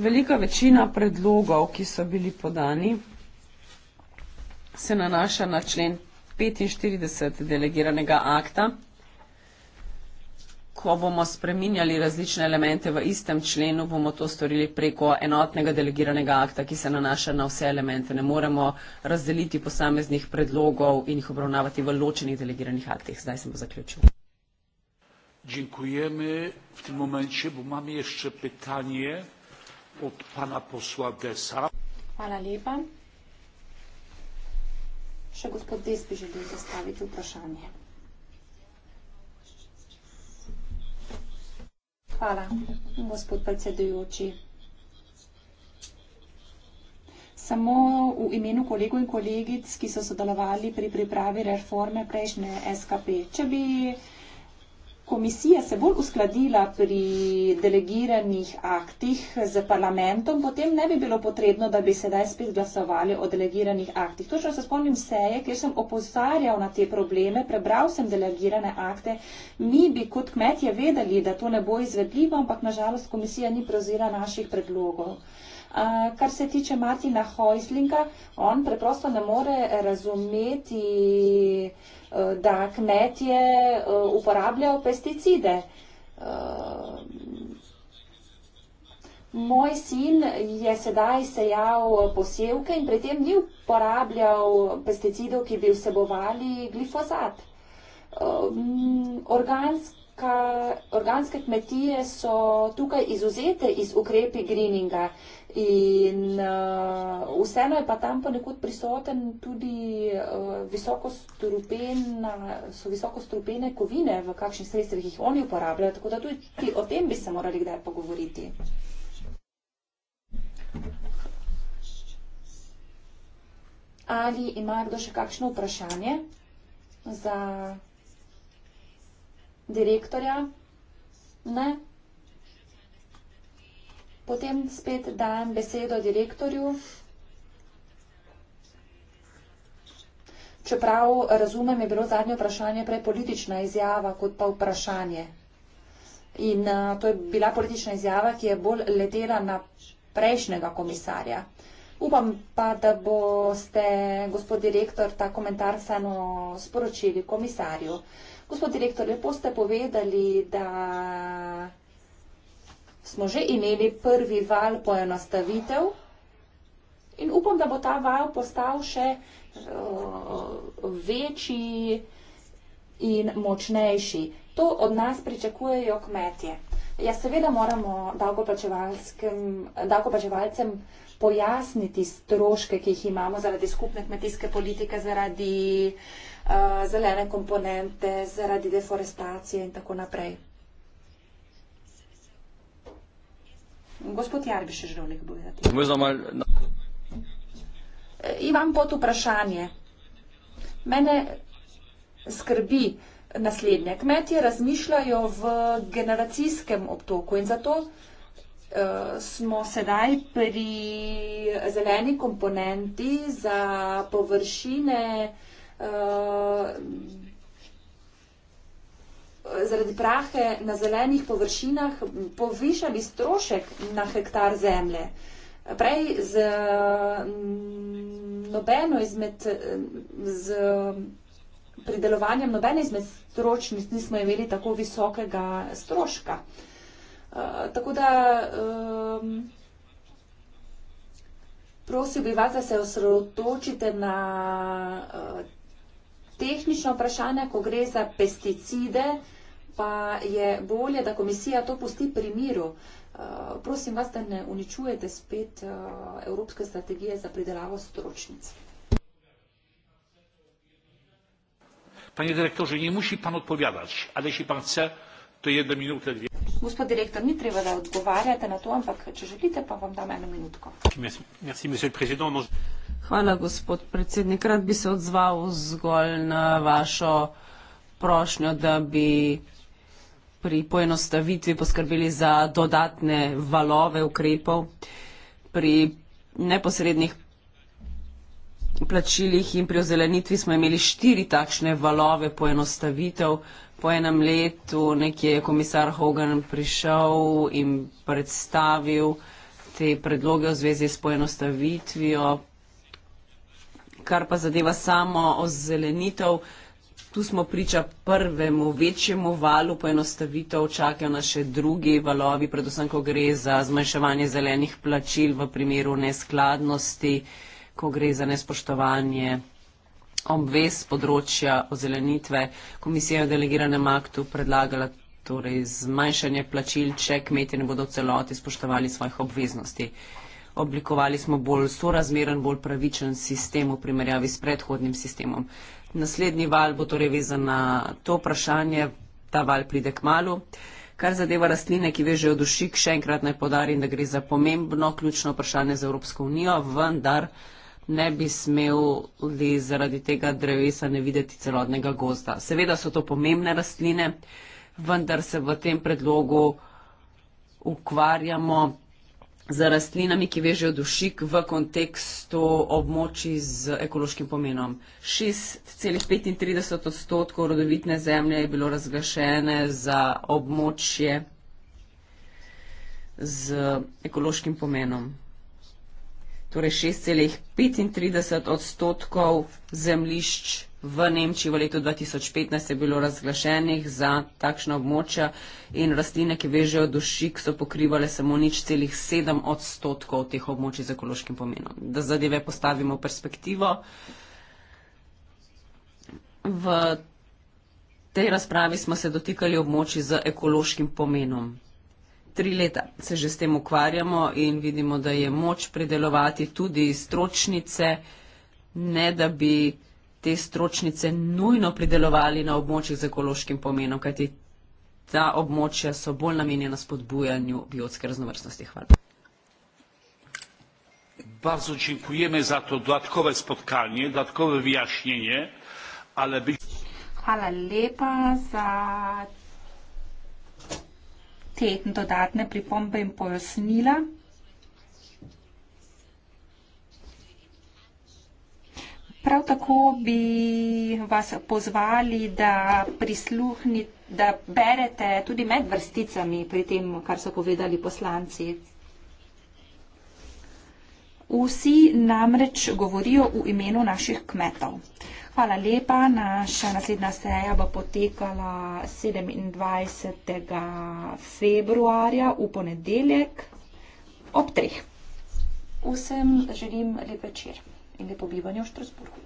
Velika večina predlogov, ki so bili podani, se nanaša na člen 45 delegiranega akta, Ko bomo spreminjali različne elemente v istem členu, bomo to storili preko enotnega delegiranega akta, ki se nanaša na vse elemente. Ne moremo razdeliti posameznih predlogov in jih obravnavati v ločenih delegiranih aktih. Zdaj sem bo zaključil. Dziękujemy w tym momencie, bo mamy jeszcze pytanie od pana posła Dessa. Hvala lepa. Še gospod Des bi želel zastaviti vprašanje. Hvala, gospod predsedujoči. Samo v imenu kolegov in kolegic, ki so sodelovali pri pripravi reforme prejšnje SKP. Če bi komisija se bolj uskladila pri delegiranih aktih z parlamentom, potem ne bi bilo potrebno, da bi sedaj spet glasovali o delegiranih aktih. Točno se spomnim seje, kjer sem opozarjal na te probleme, prebral sem delegirane akte. Mi bi kot kmetje vedeli, da to ne bo izvedljivo, ampak nažalost komisija ni prevzela naših predlogov kar se tiče Martina Hojslinga, on preprosto ne more razumeti, e, da kmetje e, uporabljajo pesticide. E, moj sin je sedaj sejal posevke in pri tem ni uporabljal pesticidov, ki bi vsebovali glifosat. Organska, organske kmetije so tukaj izuzete iz ukrepi greeninga. In uh, vseeno je pa tam ponekod prisoten tudi uh, eh, visoko so visoko strupene kovine, v kakšnih sredstvih jih oni uporabljajo, tako da tudi ti, o tem bi se morali kdaj pogovoriti. Ali ima kdo še kakšno vprašanje za direktorja? Ne? Potem spet dajem besedo direktorju. Čeprav razumem, je bilo zadnje vprašanje prej politična izjava kot pa vprašanje. In to je bila politična izjava, ki je bolj letela na prejšnjega komisarja. Upam pa, da boste, gospod direktor, ta komentar vseeno sporočili komisarju. Gospod direktor, lepo ste povedali, da smo že imeli prvi val poenostavitev in upam, da bo ta val postal še uh, večji in močnejši. To od nas pričakujejo kmetje. Ja, seveda moramo davkoplačevalcem pojasniti stroške, ki jih imamo zaradi skupne kmetijske politike, zaradi uh, zelene komponente, zaradi deforestacije in tako naprej. Gospod Jarbiš je želel nekdo vedeti. E, imam pod vprašanje. Mene skrbi naslednje. Kmetje razmišljajo v generacijskem obtoku in zato e, smo sedaj pri zeleni komponenti za površine e, zaradi prahe na zelenih površinah povišali strošek na hektar zemlje. Prej z mm, nobeno izmed, z pridelovanjem nobene izmed stročnic nismo imeli tako visokega stroška. Eh, tako da prosil bi vas, da se osredotočite na eh, tehnično vprašanje, ko gre za pesticide, pa je bolje, da komisija to pusti pri miru. Uh, prosim vas, da ne uničujete spet uh, Evropske strategije za pridelavo stročnic. Panie direktorze, nie musi pan odpowiadać, ale jeśli pan chce, to jedną minutę, dwie. Gospod direktor, nie trzeba da odgovarjate na to, ampak če želite, pa vam dam eno minutko. Merci, monsieur le président. Hvala, gospod predsednik. Rad bi se odzval zgolj na vašo prošnjo, da bi pri poenostavitvi poskrbeli za dodatne valove ukrepov, pri neposrednih plačilih in pri ozelenitvi smo imeli štiri takšne valove poenostavitev. Po enem letu nekje je komisar Hogan prišel in predstavil te predloge v zvezi s poenostavitvijo, kar pa zadeva samo ozelenitev. Tu smo priča prvemu večjemu valu poenostavitev, čakajo nas še drugi valovi, predvsem, ko gre za zmanjševanje zelenih plačil v primeru neskladnosti, ko gre za nespoštovanje obvez področja ozelenitve. Komisija je v delegiranem aktu predlagala torej zmanjšanje plačil, če kmetje ne bodo celoti spoštovali svojih obveznosti. Oblikovali smo bolj sorazmeren, bolj pravičen sistem v primerjavi s predhodnim sistemom. Naslednji val bo torej vezan na to vprašanje, ta val pride k malu. Kar zadeva rastline, ki vežejo dušik, še enkrat naj podarim, da gre za pomembno, ključno vprašanje za Evropsko unijo, vendar ne bi smeli zaradi tega drevesa ne videti celotnega gozda. Seveda so to pomembne rastline, vendar se v tem predlogu ukvarjamo z rastlinami, ki vežejo dušik v kontekstu območij z ekološkim pomenom. 6,35 odstotkov rodovitne zemlje je bilo razglašene za območje z ekološkim pomenom. Torej 6,35 odstotkov zemlišč V Nemčiji v letu 2015 je bilo razglašenih za takšna območja in rastline, ki vežejo dušik, so pokrivale samo nič celih sedem odstotkov teh območij z ekološkim pomenom. Da zadeve postavimo v perspektivo. V tej razpravi smo se dotikali območij z ekološkim pomenom. Tri leta se že s tem ukvarjamo in vidimo, da je moč predelovati tudi iz tročnice, ne da bi te stročnice nujno pridelovali na območjih z ekološkim pomenom, kajti ta območja so bolj namenjena spodbujanju biotske raznovrstnosti. Hvala. Bardzo dziękujemy za to dodatkowe spotkanie, dodatkowe wyjaśnienie, ale by... Hvala lepa za te dodatne pripombe in pojasnila. Prav tako bi vas pozvali, da prisluhnite, da berete tudi med vrsticami pri tem, kar so povedali poslanci. Vsi namreč govorijo v imenu naših kmetov. Hvala lepa, naša naslednja seja bo potekala 27. februarja v ponedeljek ob treh. Vsem želim lep večer in lepo bivanje v Štrasburgu.